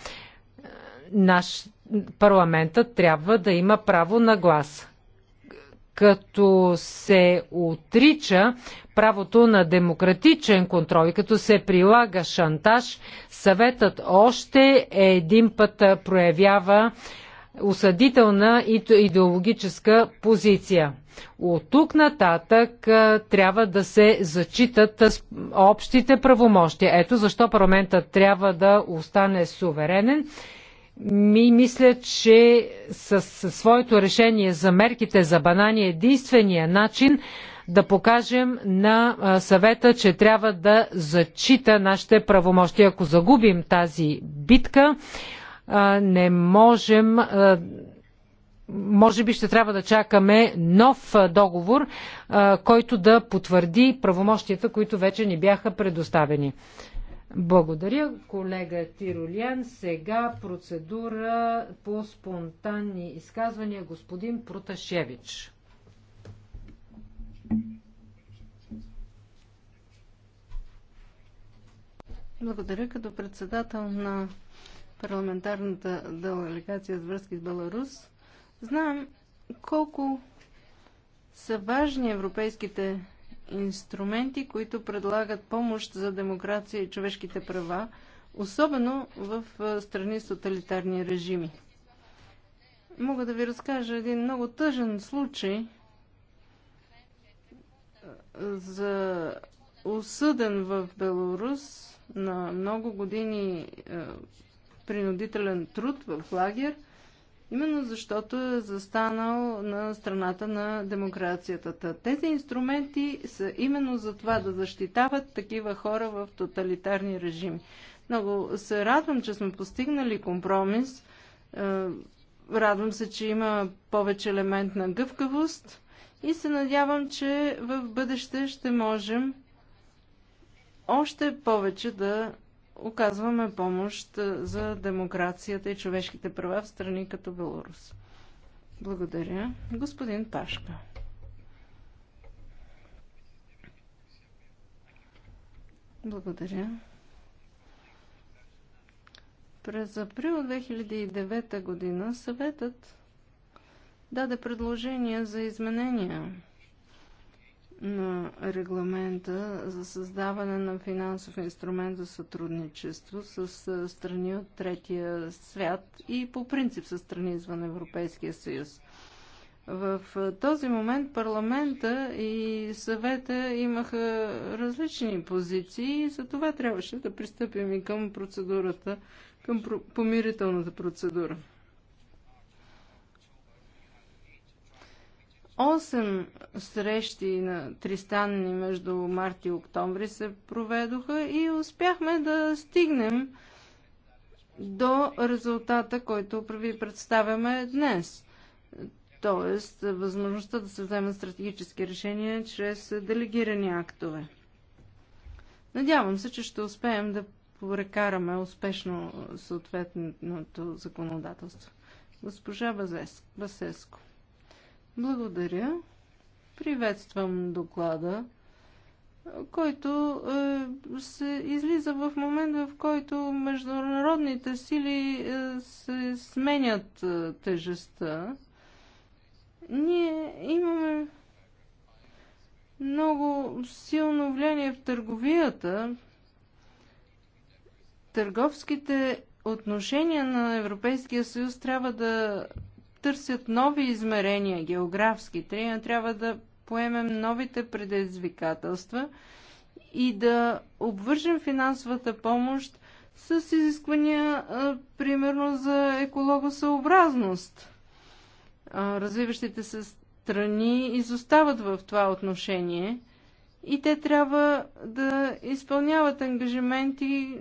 Speaker 4: Наш парламентът трябва да има право на глас като се отрича правото на демократичен контрол и като се прилага шантаж, съветът още един път проявява осъдителна и идеологическа позиция. От тук нататък трябва да се зачитат общите правомощия. Ето защо парламентът трябва да остане суверенен. Ми мисля, че със своето решение за мерките за банани е единствения начин да покажем на съвета, че трябва да зачита нашите правомощи. Ако загубим тази битка, не можем може би ще трябва да чакаме нов договор, който да потвърди правомощията, които вече ни бяха предоставени. Благодаря, колега Тиролян. Сега процедура по спонтанни изказвания господин Проташевич.
Speaker 2: Благодаря като председател на парламентарната делегация с връзки с Беларус, знаем колко са важни европейските инструменти, които предлагат помощ за демокрация и човешките права, особено в страни с тоталитарни режими. Мога да ви разкажа един много тъжен случай за осъден в Беларус на много години принудителен труд в лагер, именно защото е застанал на страната на демокрацията. Тези инструменти са именно за това да защитават такива хора в тоталитарни режими. Много се радвам, че сме постигнали компромис. Е, радвам се, че има повече елемент на гъвкавост и се надявам, че в бъдеще ще можем още повече да оказваме помощ за демокрацията и човешките права в страни като Беларус. Благодаря. Господин Пашка. Благодаря. През април 2009 година съветът даде предложение за изменения на регламента за създаване на финансов инструмент за сътрудничество с страни от третия свят и по принцип с страни извън Европейския съюз. В този момент парламента и съвета имаха различни позиции и за това трябваше да пристъпим и към процедурата, към помирителната процедура. Осем срещи на тристанни между март и октомври се проведоха и успяхме да стигнем до резултата, който ви представяме днес. Тоест, възможността да се вземат стратегически решения чрез делегирани актове. Надявам се, че ще успеем да прекараме успешно съответното законодателство. Госпожа Базеско. Благодаря. Приветствам доклада, който е, се излиза в момент, в който международните сили е, се сменят е, тежестта. Ние имаме много силно влияние в търговията. Търговските отношения на Европейския съюз трябва да търсят нови измерения, географски, трябва да поемем новите предизвикателства и да обвържем финансовата помощ с изисквания, примерно, за екологосъобразност. Развиващите се страни изостават в това отношение и те трябва да изпълняват ангажименти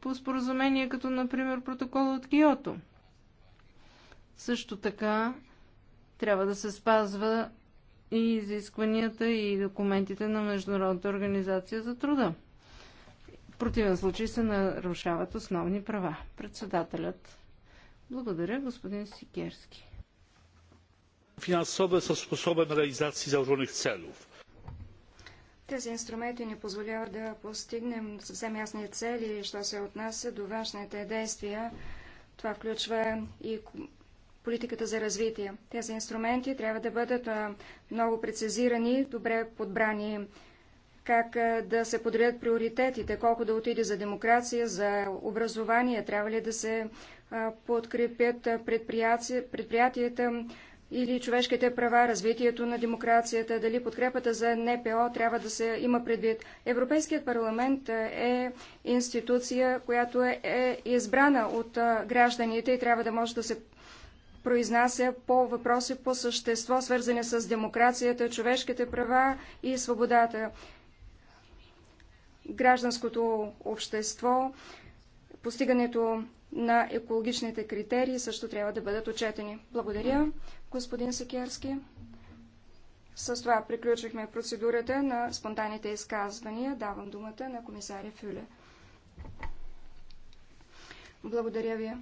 Speaker 2: по споразумение, като, например, протокола от Киото – също така трябва да се спазва и изискванията и документите на Международната организация за труда. В противен случай се нарушават основни права. Председателят. Благодаря, господин
Speaker 3: Сикерски.
Speaker 4: Финансове са способен реализации заложених целов.
Speaker 3: Тези инструменти ни позволяват да постигнем съвсем ясни цели, що се отнася до външните действия. Това включва и политиката за развитие. Тези инструменти трябва да бъдат много прецизирани, добре подбрани как да се подредят приоритетите, колко да отиде за демокрация, за образование, трябва ли да се подкрепят предприятията или човешките права, развитието на демокрацията, дали подкрепата за НПО трябва да се има предвид. Европейският парламент е институция, която е, е избрана от гражданите и трябва да може да се произнася по въпроси по същество, свързани с демокрацията, човешките права и свободата. Гражданското общество, постигането на екологичните критерии също трябва да бъдат отчетени. Благодаря, господин Секерски. С това приключихме процедурата на спонтанните изказвания. Давам думата на комисаря Фюле. Благодаря ви,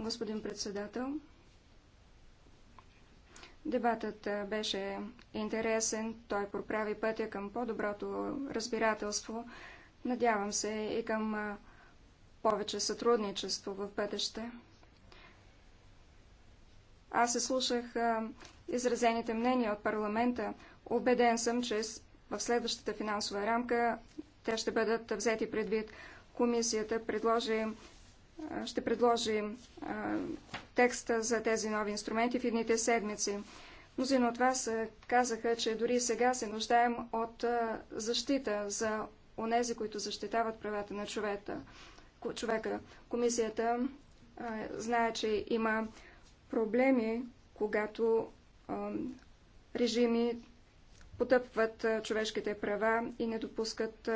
Speaker 3: господин председател. Дебатът беше интересен, той проправи пътя към по-доброто разбирателство. Надявам се и към повече сътрудничество в бъдеще. Аз се слушах изразените мнения от парламента. Обеден съм, че в следващата финансова рамка те ще бъдат взети предвид. Комисията предложи ще предложи текста за тези нови инструменти в едните седмици. Мнозина от вас казаха, че дори сега се нуждаем от защита за онези, които защитават правата на човека. човека. Комисията знае, че има проблеми, когато режими потъпват човешките права и не допускат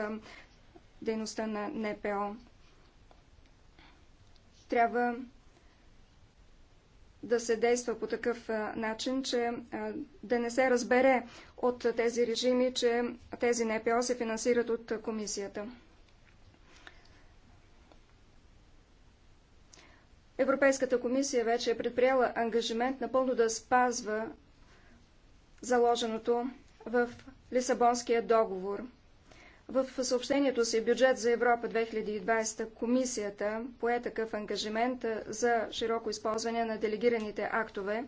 Speaker 3: дейността на НПО трябва да се действа по такъв начин, че да не се разбере от тези режими, че тези НПО се финансират от комисията. Европейската комисия вече е предприела ангажимент напълно да спазва заложеното в Лисабонския договор – в съобщението си Бюджет за Европа 2020 комисията пое такъв ангажимент за широко използване на делегираните актове.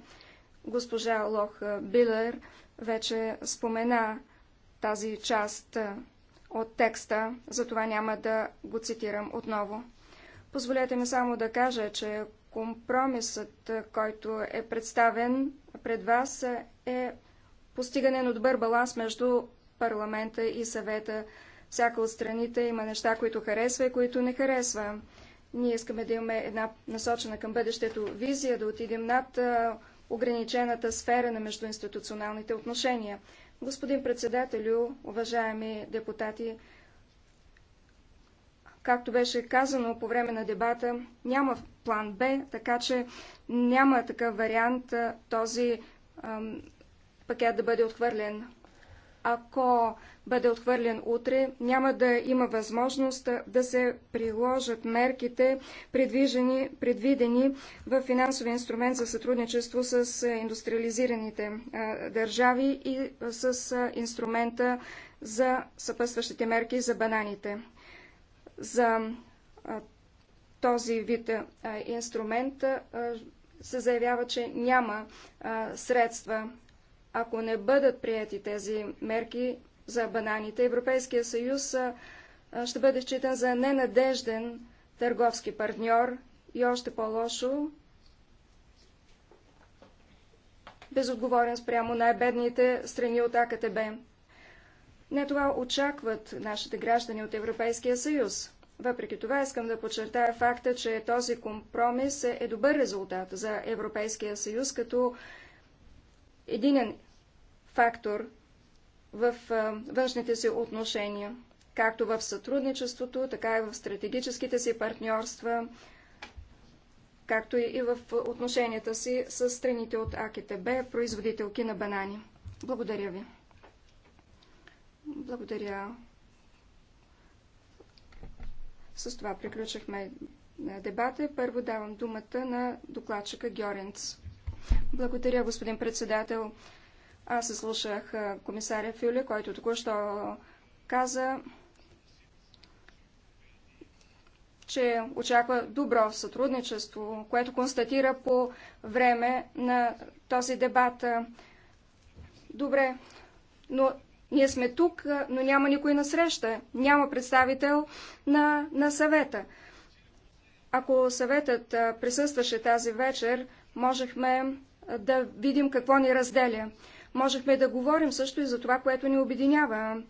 Speaker 3: Госпожа Лох Билер вече спомена тази част от текста, затова няма да го цитирам отново. Позволете ми само да кажа, че компромисът, който е представен пред вас, е постигане на добър баланс между парламента и съвета. Всяка от страните има неща, които харесва и които не харесва. Ние искаме да имаме една насочена към бъдещето визия, да отидем над ограничената сфера на междуинституционалните отношения. Господин председателю, уважаеми депутати, както беше казано по време на дебата, няма план Б, така че няма такъв вариант този ам, пакет да бъде отхвърлен ако бъде отхвърлен утре, няма да има възможност да се приложат мерките, предвидени в финансови инструмент за сътрудничество с индустриализираните държави и с инструмента за съпътстващите мерки за бананите. За този вид инструмент се заявява, че няма средства ако не бъдат прияти тези мерки за бананите, Европейския съюз ще бъде считан за ненадежден търговски партньор и още по-лошо безотговорен спрямо най-бедните страни от АКТБ. Не това очакват нашите граждани от Европейския съюз. Въпреки това искам да подчертая факта, че този компромис е, е добър резултат за Европейския съюз като един фактор в външните си отношения, както в сътрудничеството, така и в стратегическите си партньорства, както и в отношенията си с страните от АКТБ, производителки на банани. Благодаря ви. Благодаря. С това приключихме дебата. Първо давам думата на докладчика Гьоренц. Благодаря, господин председател. Аз се слушах комисаря Фюле, който току-що каза, че очаква добро сътрудничество, което констатира по време на този дебат. Добре, но ние сме тук, но няма никой на среща. Няма представител на, на съвета. Ако съветът присъстваше тази вечер, можехме да видим какво ни разделя. Можехме да говорим също и за това, което ни обединява.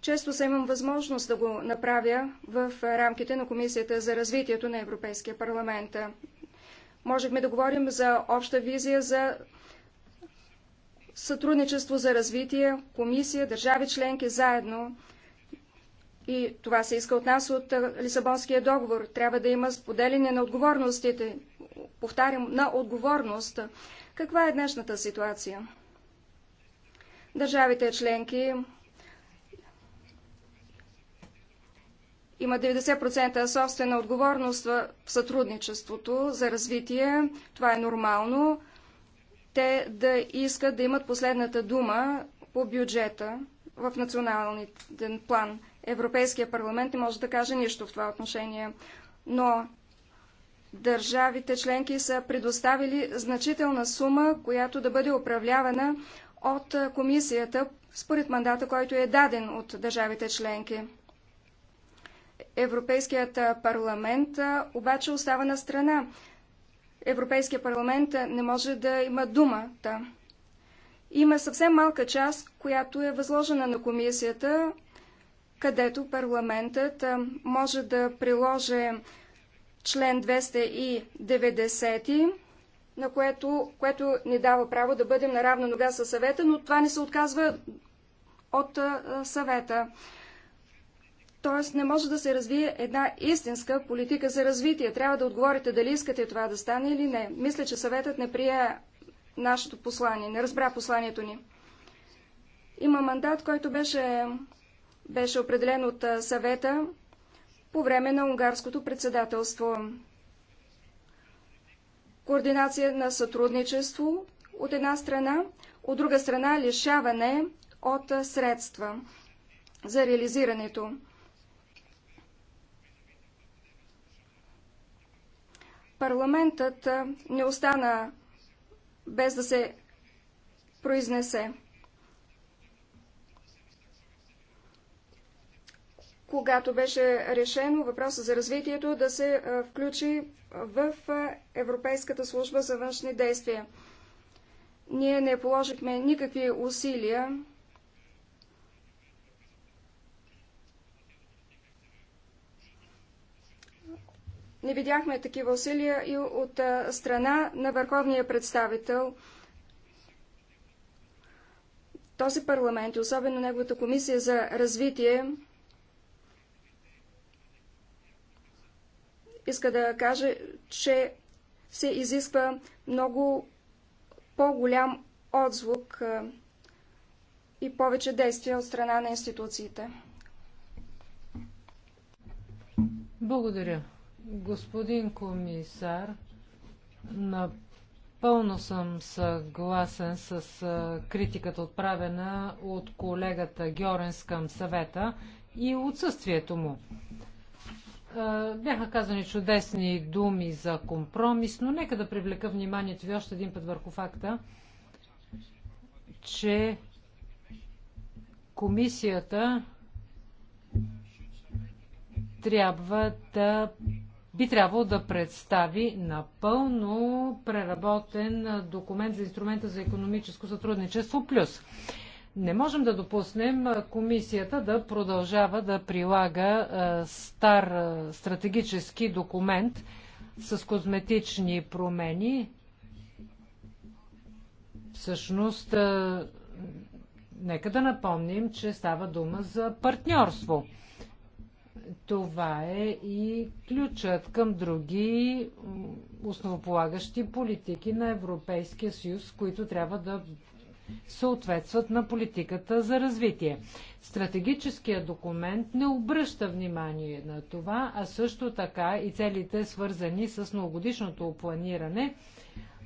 Speaker 3: Често съм имам възможност да го направя в рамките на Комисията за развитието на Европейския парламент. Можехме да говорим за обща визия за сътрудничество за развитие, комисия, държави членки заедно. И това се иска от нас от Лисабонския договор. Трябва да има споделяне на отговорностите повтарям, на отговорност. Каква е днешната ситуация? Държавите членки има 90% собствена отговорност в сътрудничеството за развитие. Това е нормално. Те да искат да имат последната дума по бюджета в националния план. Европейския парламент не може да каже нищо в това отношение. Но държавите членки са предоставили значителна сума, която да бъде управлявана от комисията според мандата, който е даден от държавите членки. Европейският парламент обаче остава на страна. Европейският парламент не може да има думата. Има съвсем малка част, която е възложена на комисията, където парламентът може да приложи член 290, на което, което ни дава право да бъдем на равна нога със съвета, но това не се отказва от съвета. Тоест не може да се развие една истинска политика за развитие. Трябва да отговорите дали искате това да стане или не. Мисля, че съветът не прие нашето послание, не разбра посланието ни. Има мандат, който беше, беше определен от съвета по време на унгарското председателство. Координация на сътрудничество от една страна, от друга страна лишаване от средства за реализирането. Парламентът не остана без да се произнесе. когато беше решено въпроса за развитието да се включи в Европейската служба за външни действия. Ние не положихме никакви усилия Не видяхме такива усилия и от страна на върховния представител. Този парламент и особено неговата комисия за развитие иска да каже, че се изисква много по-голям отзвук и повече действия от страна на институциите.
Speaker 4: Благодаря. Господин комисар, напълно съм съгласен с критиката отправена от колегата Георенс към съвета и отсъствието му. Е, бяха казани чудесни думи за компромис, но нека да привлека вниманието ви още един път върху факта, че комисията трябва да би трябвало да представи напълно преработен документ за инструмента за економическо сътрудничество плюс. Не можем да допуснем комисията да продължава да прилага стар стратегически документ с козметични промени. Всъщност, нека да напомним, че става дума за партньорство. Това е и ключът към други основополагащи политики на Европейския съюз, които трябва да съответстват на политиката за развитие. Стратегическият документ не обръща внимание на това, а също така и целите свързани с многогодишното планиране,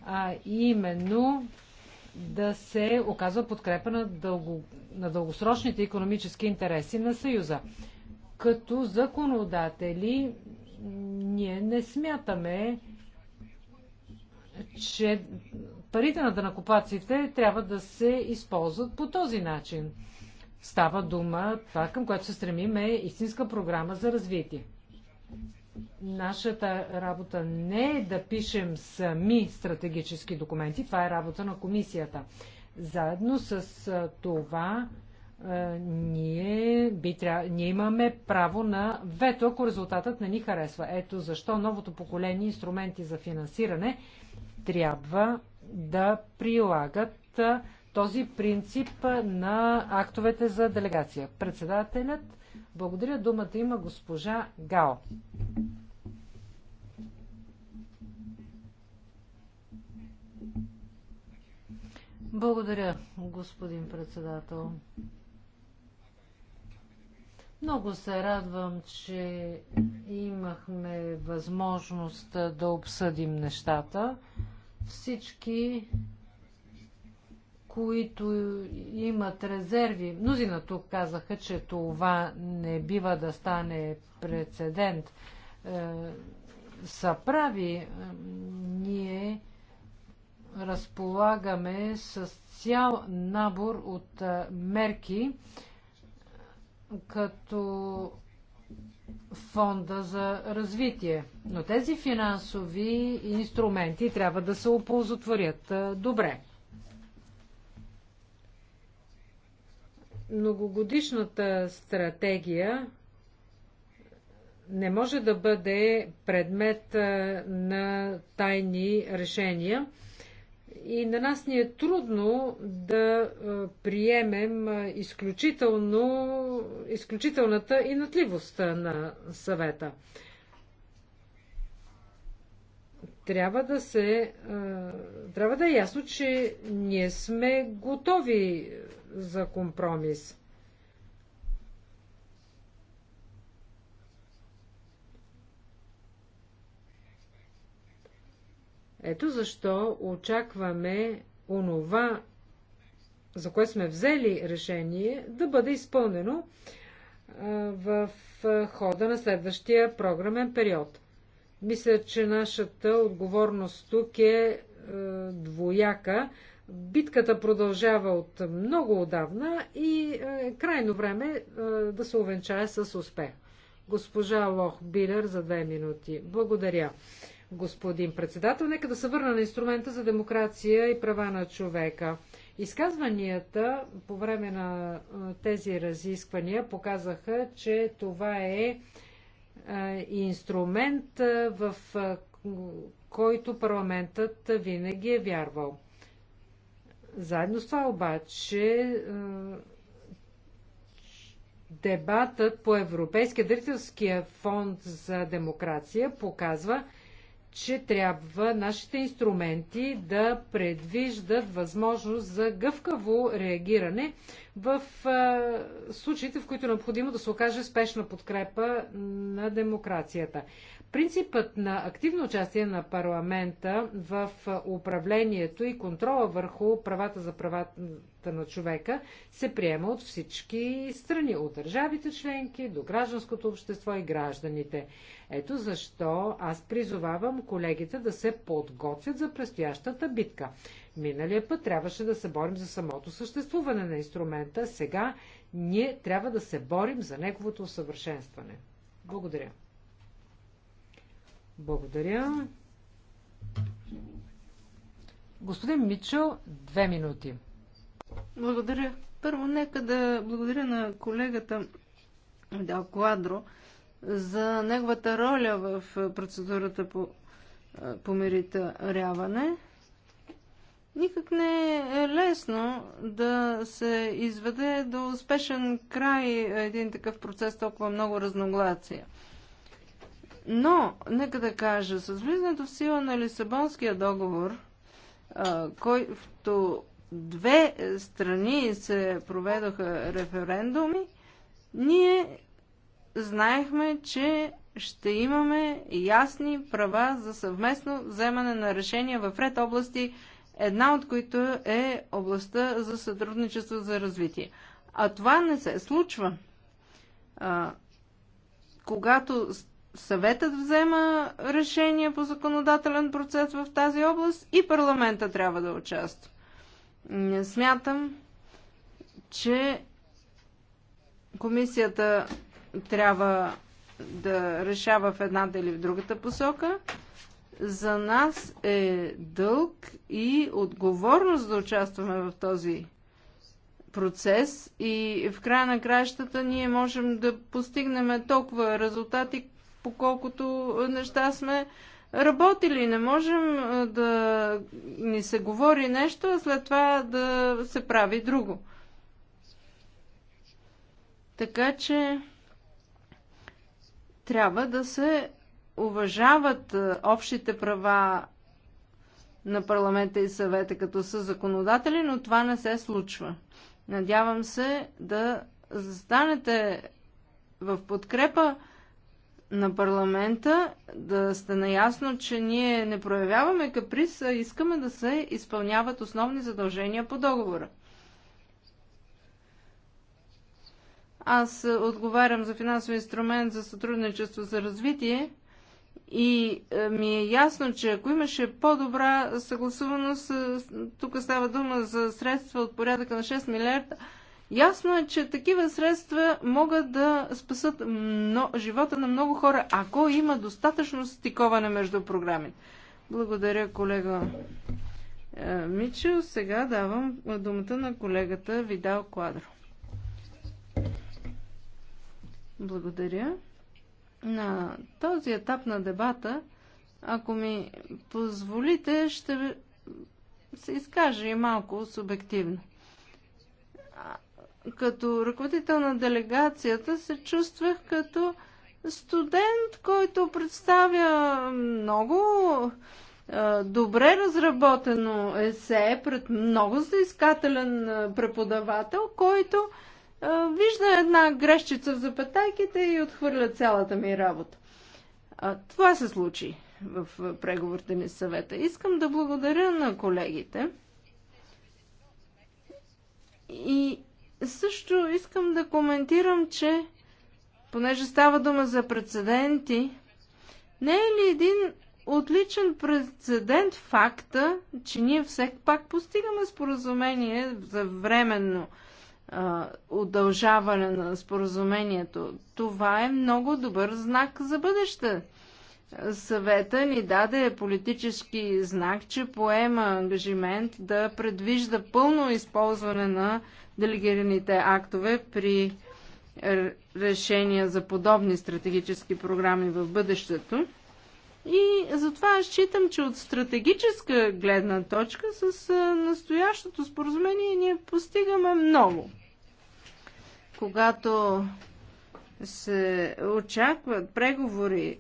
Speaker 4: а именно да се оказва подкрепа на, дълго, на дългосрочните економически интереси на Съюза. Като законодатели ние не смятаме, че парите на данакоплаците трябва да се използват по този начин. Става дума, това към което се стремим е истинска програма за развитие. Нашата работа не е да пишем сами стратегически документи, това е работа на комисията. Заедно с това ние, би тря... ние имаме право на вето, ако резултатът не ни харесва. Ето защо новото поколение инструменти за финансиране трябва да прилагат този принцип на актовете за делегация. Председателят, благодаря, думата има госпожа Гао. Благодаря, господин председател. Много се радвам, че имахме възможност да обсъдим нещата. Всички, които имат резерви, мнозина тук казаха, че това не бива да стане прецедент, е, са прави. Е, ние разполагаме с цял набор от е, мерки, като фонда за развитие. Но тези финансови инструменти трябва да се оползотворят добре. Многогодишната стратегия не може да бъде предмет на тайни решения и на нас ни е трудно да приемем изключително, изключителната инатливост на съвета. Трябва да, се, трябва да е ясно, че ние сме готови за компромис. Ето защо очакваме онова, за което сме взели решение, да бъде изпълнено в хода на следващия програмен период. Мисля, че нашата отговорност тук е, е двояка. Битката продължава от много отдавна и е, е крайно време е, да се увенчае с успех. Госпожа Лох Билер за две минути. Благодаря господин председател. Нека да се върна на инструмента за демокрация и права на човека. Изказванията по време на тези разисквания показаха, че това е инструмент, в който парламентът винаги е вярвал. Заедно с това обаче дебатът по Европейския дарителския фонд за демокрация показва, че трябва нашите инструменти да предвиждат възможност за гъвкаво реагиране в случаите, в които е необходимо да се окаже спешна подкрепа на демокрацията. Принципът на активно участие на парламента в управлението и контрола върху правата за правата на човека се приема от всички страни, от държавите членки до гражданското общество и гражданите. Ето защо аз призовавам колегите да се подготвят за предстоящата битка. Миналия път трябваше да се борим за самото съществуване на инструмента, сега ние трябва да се борим за неговото усъвършенстване. Благодаря. Благодаря. Господин Мичо, две минути.
Speaker 2: Благодаря. Първо, нека да благодаря на колегата Дал Куадро за неговата роля в процедурата по помирителяване. Никак не е лесно да се изведе до успешен край един такъв процес толкова много разногласия. Но, нека да кажа, с влизането в сила на Лисабонския договор, който две страни се проведоха референдуми, ние знаехме, че ще имаме ясни права за съвместно вземане на решения в ред области, една от които е областта за сътрудничество за развитие. А това не се случва. А, когато съветът взема решение по законодателен процес в тази област и парламента трябва да участва. Не смятам, че комисията трябва да решава в едната или в другата посока. За нас е дълг и отговорност да участваме в този процес и в края на краищата ние можем да постигнем толкова резултати, по колкото неща сме работили. Не можем да ни се говори нещо, а след това да се прави друго. Така че трябва да се уважават общите права на парламента и съвета като са законодатели, но това не се случва. Надявам се да застанете в подкрепа на парламента да сте наясно, че ние не проявяваме каприз, а искаме да се изпълняват основни задължения по договора. Аз отговарям за финансов инструмент за сътрудничество за развитие и е, ми е ясно, че ако имаше по-добра съгласуваност, е, тук става дума за средства от порядъка на 6 милиарда, Ясно е, че такива средства могат да спасат живота на много хора, ако има достатъчно стиковане между програмите. Благодаря, колега е, Мичо. Сега давам думата на колегата Видал Квадро. Благодаря. На този етап на дебата, ако ми позволите, ще се изкаже и малко субективно като ръководител на делегацията се чувствах като студент, който представя много е, добре разработено есе пред много заискателен преподавател, който е, вижда една грешчица в запетайките и отхвърля цялата ми работа. А, това се случи в преговорите ни съвета. Искам да благодаря на колегите. И също искам да коментирам, че понеже става дума за прецеденти, не е ли един отличен прецедент факта, че ние все пак постигаме споразумение за временно а, удължаване на споразумението? Това е много добър знак за бъдеще. Съвета ни даде политически знак, че поема ангажимент да предвижда пълно използване на делегираните актове при решения за подобни стратегически програми в бъдещето. И затова аз считам, че от стратегическа гледна точка с настоящото споразумение ние постигаме много. Когато се очакват преговори,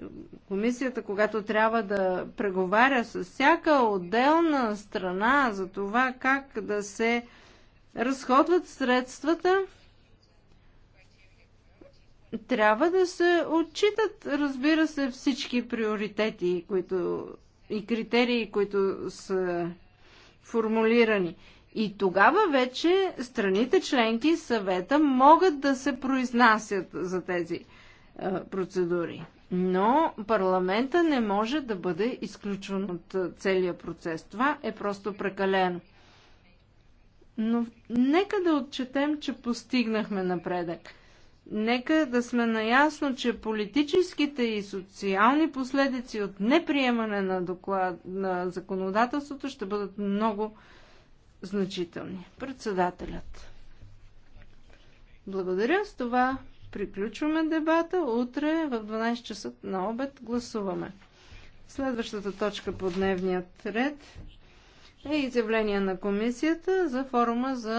Speaker 2: комисията, когато трябва да преговаря с всяка отделна страна за това как да се разходват средствата, трябва да се отчитат, разбира се, всички приоритети които, и критерии, които са формулирани. И тогава вече страните членки съвета могат да се произнасят за тези е, процедури. Но парламента не може да бъде изключван от е, целия процес. Това е просто прекалено. Но нека да отчетем, че постигнахме напредък. Нека да сме наясно, че политическите и социални последици от неприемане на, доклад, на законодателството ще бъдат много значителни. Председателят. Благодаря. С това приключваме дебата. Утре в 12 часа на обед гласуваме. Следващата точка по дневният ред е изявление на комисията за форума за